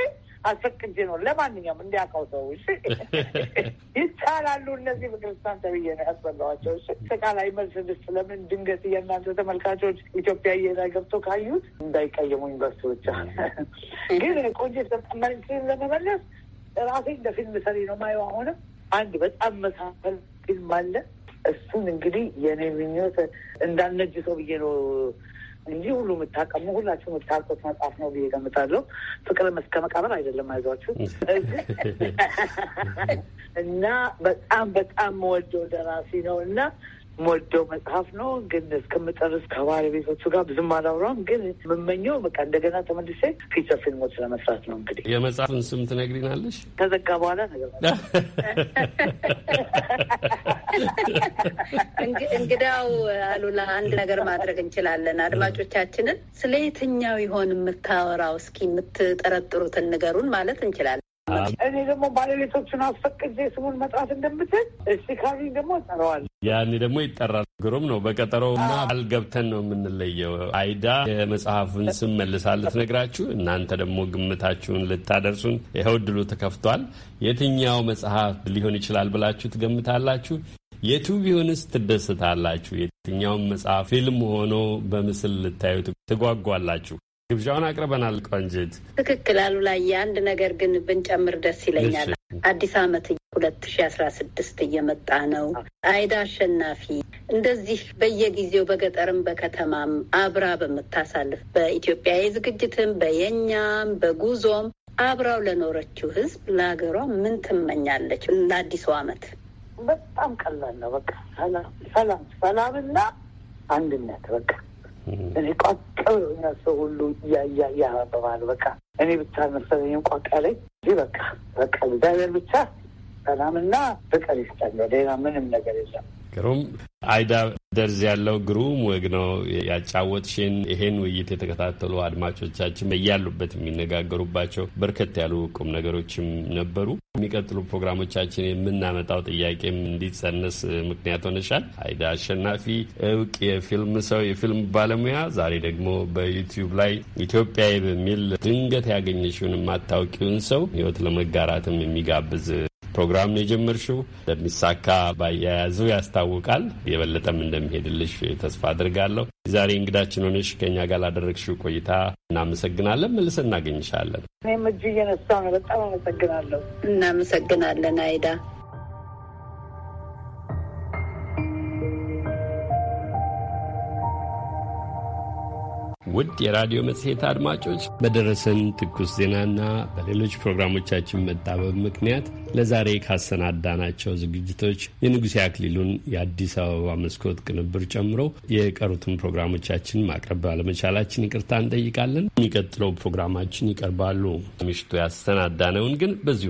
አስፈቅጄ ነው። ለማንኛውም እንዲያውቀው ሰው እሺ፣ ይቻላሉ እነዚህ በክርስቲያን ተብዬ ነው ያስበላኋቸው። እሺ፣ አጠቃላይ መልስ ልስጥ። ለምን ድንገት የእናንተ ተመልካቾች ኢትዮጵያ እየሄዳ ገብቶ ካዩት እንዳይቀየሙኝ በሱ ብቻ። ግን ቆንጆ መልስን ለመመለስ ራሴ እንደ ፊልም ሰሪ ነው ማየው። አሁንም አንድ በጣም መሳፈል ፊልም አለ እሱን እንግዲህ የኔ ምኞት ሰው ብዬ ነው እንጂ ሁሉ የምታቀሙ ሁላችሁ የምታውቁት መጽሐፍ ነው ብዬ ገምታለሁ። ፍቅር እስከ መቃብር አይደለም አይዟችሁ። እና በጣም በጣም መወደው ደራሲ ነው እና የምወደው መጽሐፍ ነው፣ ግን እስከምጨርስ ከባለቤቶቹ ጋር ብዙም አላውራም። ግን የምመኘው በቃ እንደገና ተመልሴ ፊቸር ፊልሞች ለመስራት ነው። እንግዲህ የመጽሐፍን ስም ትነግሪናለሽ? ከዘጋ በኋላ ነገር እንግዳው አሉላ አንድ ነገር ማድረግ እንችላለን። አድማጮቻችንን ስለ የትኛው ይሆን የምታወራው እስኪ የምትጠረጥሩትን ንገሩን ማለት እንችላለን። እኔ ደግሞ ባለቤቶችን አስፈቅጄ ስሙን መጥራት እንደምትል እሺ ካሉኝ ደግሞ እጠራዋለሁ። ያኔ ደግሞ ይጠራል። ግሩም ነው። በቀጠሮውማ አልገብተን ነው የምንለየው። አይዳ የመጽሐፉን ስም መልሳ ልትነግራችሁ፣ እናንተ ደግሞ ግምታችሁን ልታደርሱን ይኸው ዕድሉ ተከፍቷል። የትኛው መጽሐፍ ሊሆን ይችላል ብላችሁ ትገምታላችሁ? የቱ ቢሆንስ ትደሰታላችሁ? የትኛውን መጽሐፍ ፊልም ሆኖ በምስል ልታዩ ትጓጓላችሁ? ግብዣውን አቅርበናል። ቆንጅት ትክክል አሉ ላይ አንድ ነገር ግን ብንጨምር ደስ ይለኛል። አዲስ አመት ሁለት ሺ አስራ ስድስት እየመጣ ነው። አይዳ አሸናፊ እንደዚህ በየጊዜው በገጠርም በከተማም አብራ በምታሳልፍ በኢትዮጵያዊ ዝግጅትም በየኛም በጉዞም አብራው ለኖረችው ህዝብ ለሀገሯ ምን ትመኛለች? ለአዲሱ አመት በጣም ቀላል ነው። በቃ ሰላም ሰላም ሰላምና አንድነት በቃ እኔ ቋቀ ሰው ሁሉ እያያ እያበባል በቃ እኔ ብቻ መሰለኝም ቋቃ ላይ እዚህ በቃ በቃ እግዚአብሔር ብቻ ሰላምና ፍቅር ይስጠን። ሌላ ምንም ነገር የለም። ግሩም አይዳ ደርዝ ያለው ግሩም ወግ ነው ያጫወትሽን። ይሄን ውይይት የተከታተሉ አድማጮቻችን በያሉበት የሚነጋገሩባቸው በርከት ያሉ ቁም ነገሮችም ነበሩ። የሚቀጥሉ ፕሮግራሞቻችን የምናመጣው ጥያቄም እንዲጸነስ ምክንያት ሆነሻል። አይዳ አሸናፊ እውቅ የፊልም ሰው፣ የፊልም ባለሙያ፣ ዛሬ ደግሞ በዩቲዩብ ላይ ኢትዮጵያ በሚል ድንገት ያገኘሽውን የማታውቂውን ሰው ህይወት ለመጋራትም የሚጋብዝ ፕሮግራም የጀመርሽው እንደሚሳካ ባያያዙ ያስታውቃል። የበለጠም እንደሚሄድልሽ ተስፋ አድርጋለሁ። ዛሬ እንግዳችን ሆነሽ ከኛ ጋር ላደረግሽው ቆይታ እናመሰግናለን። መልስ እናገኝሻለን። እኔም እጅ እየነሳ ነው። በጣም አመሰግናለሁ። እናመሰግናለን አይዳ ውድ የራዲዮ መጽሔት አድማጮች በደረሰን ትኩስ ዜናና በሌሎች ፕሮግራሞቻችን መጣበብ ምክንያት ለዛሬ ካሰናዳናቸው ዝግጅቶች የንጉሴ አክሊሉን የአዲስ አበባ መስኮት ቅንብር ጨምሮ የቀሩትን ፕሮግራሞቻችን ማቅረብ ባለመቻላችን ይቅርታ እንጠይቃለን። የሚቀጥለው ፕሮግራማችን ይቀርባሉ። ምሽቱ ያሰናዳነውን ግን በዚሁ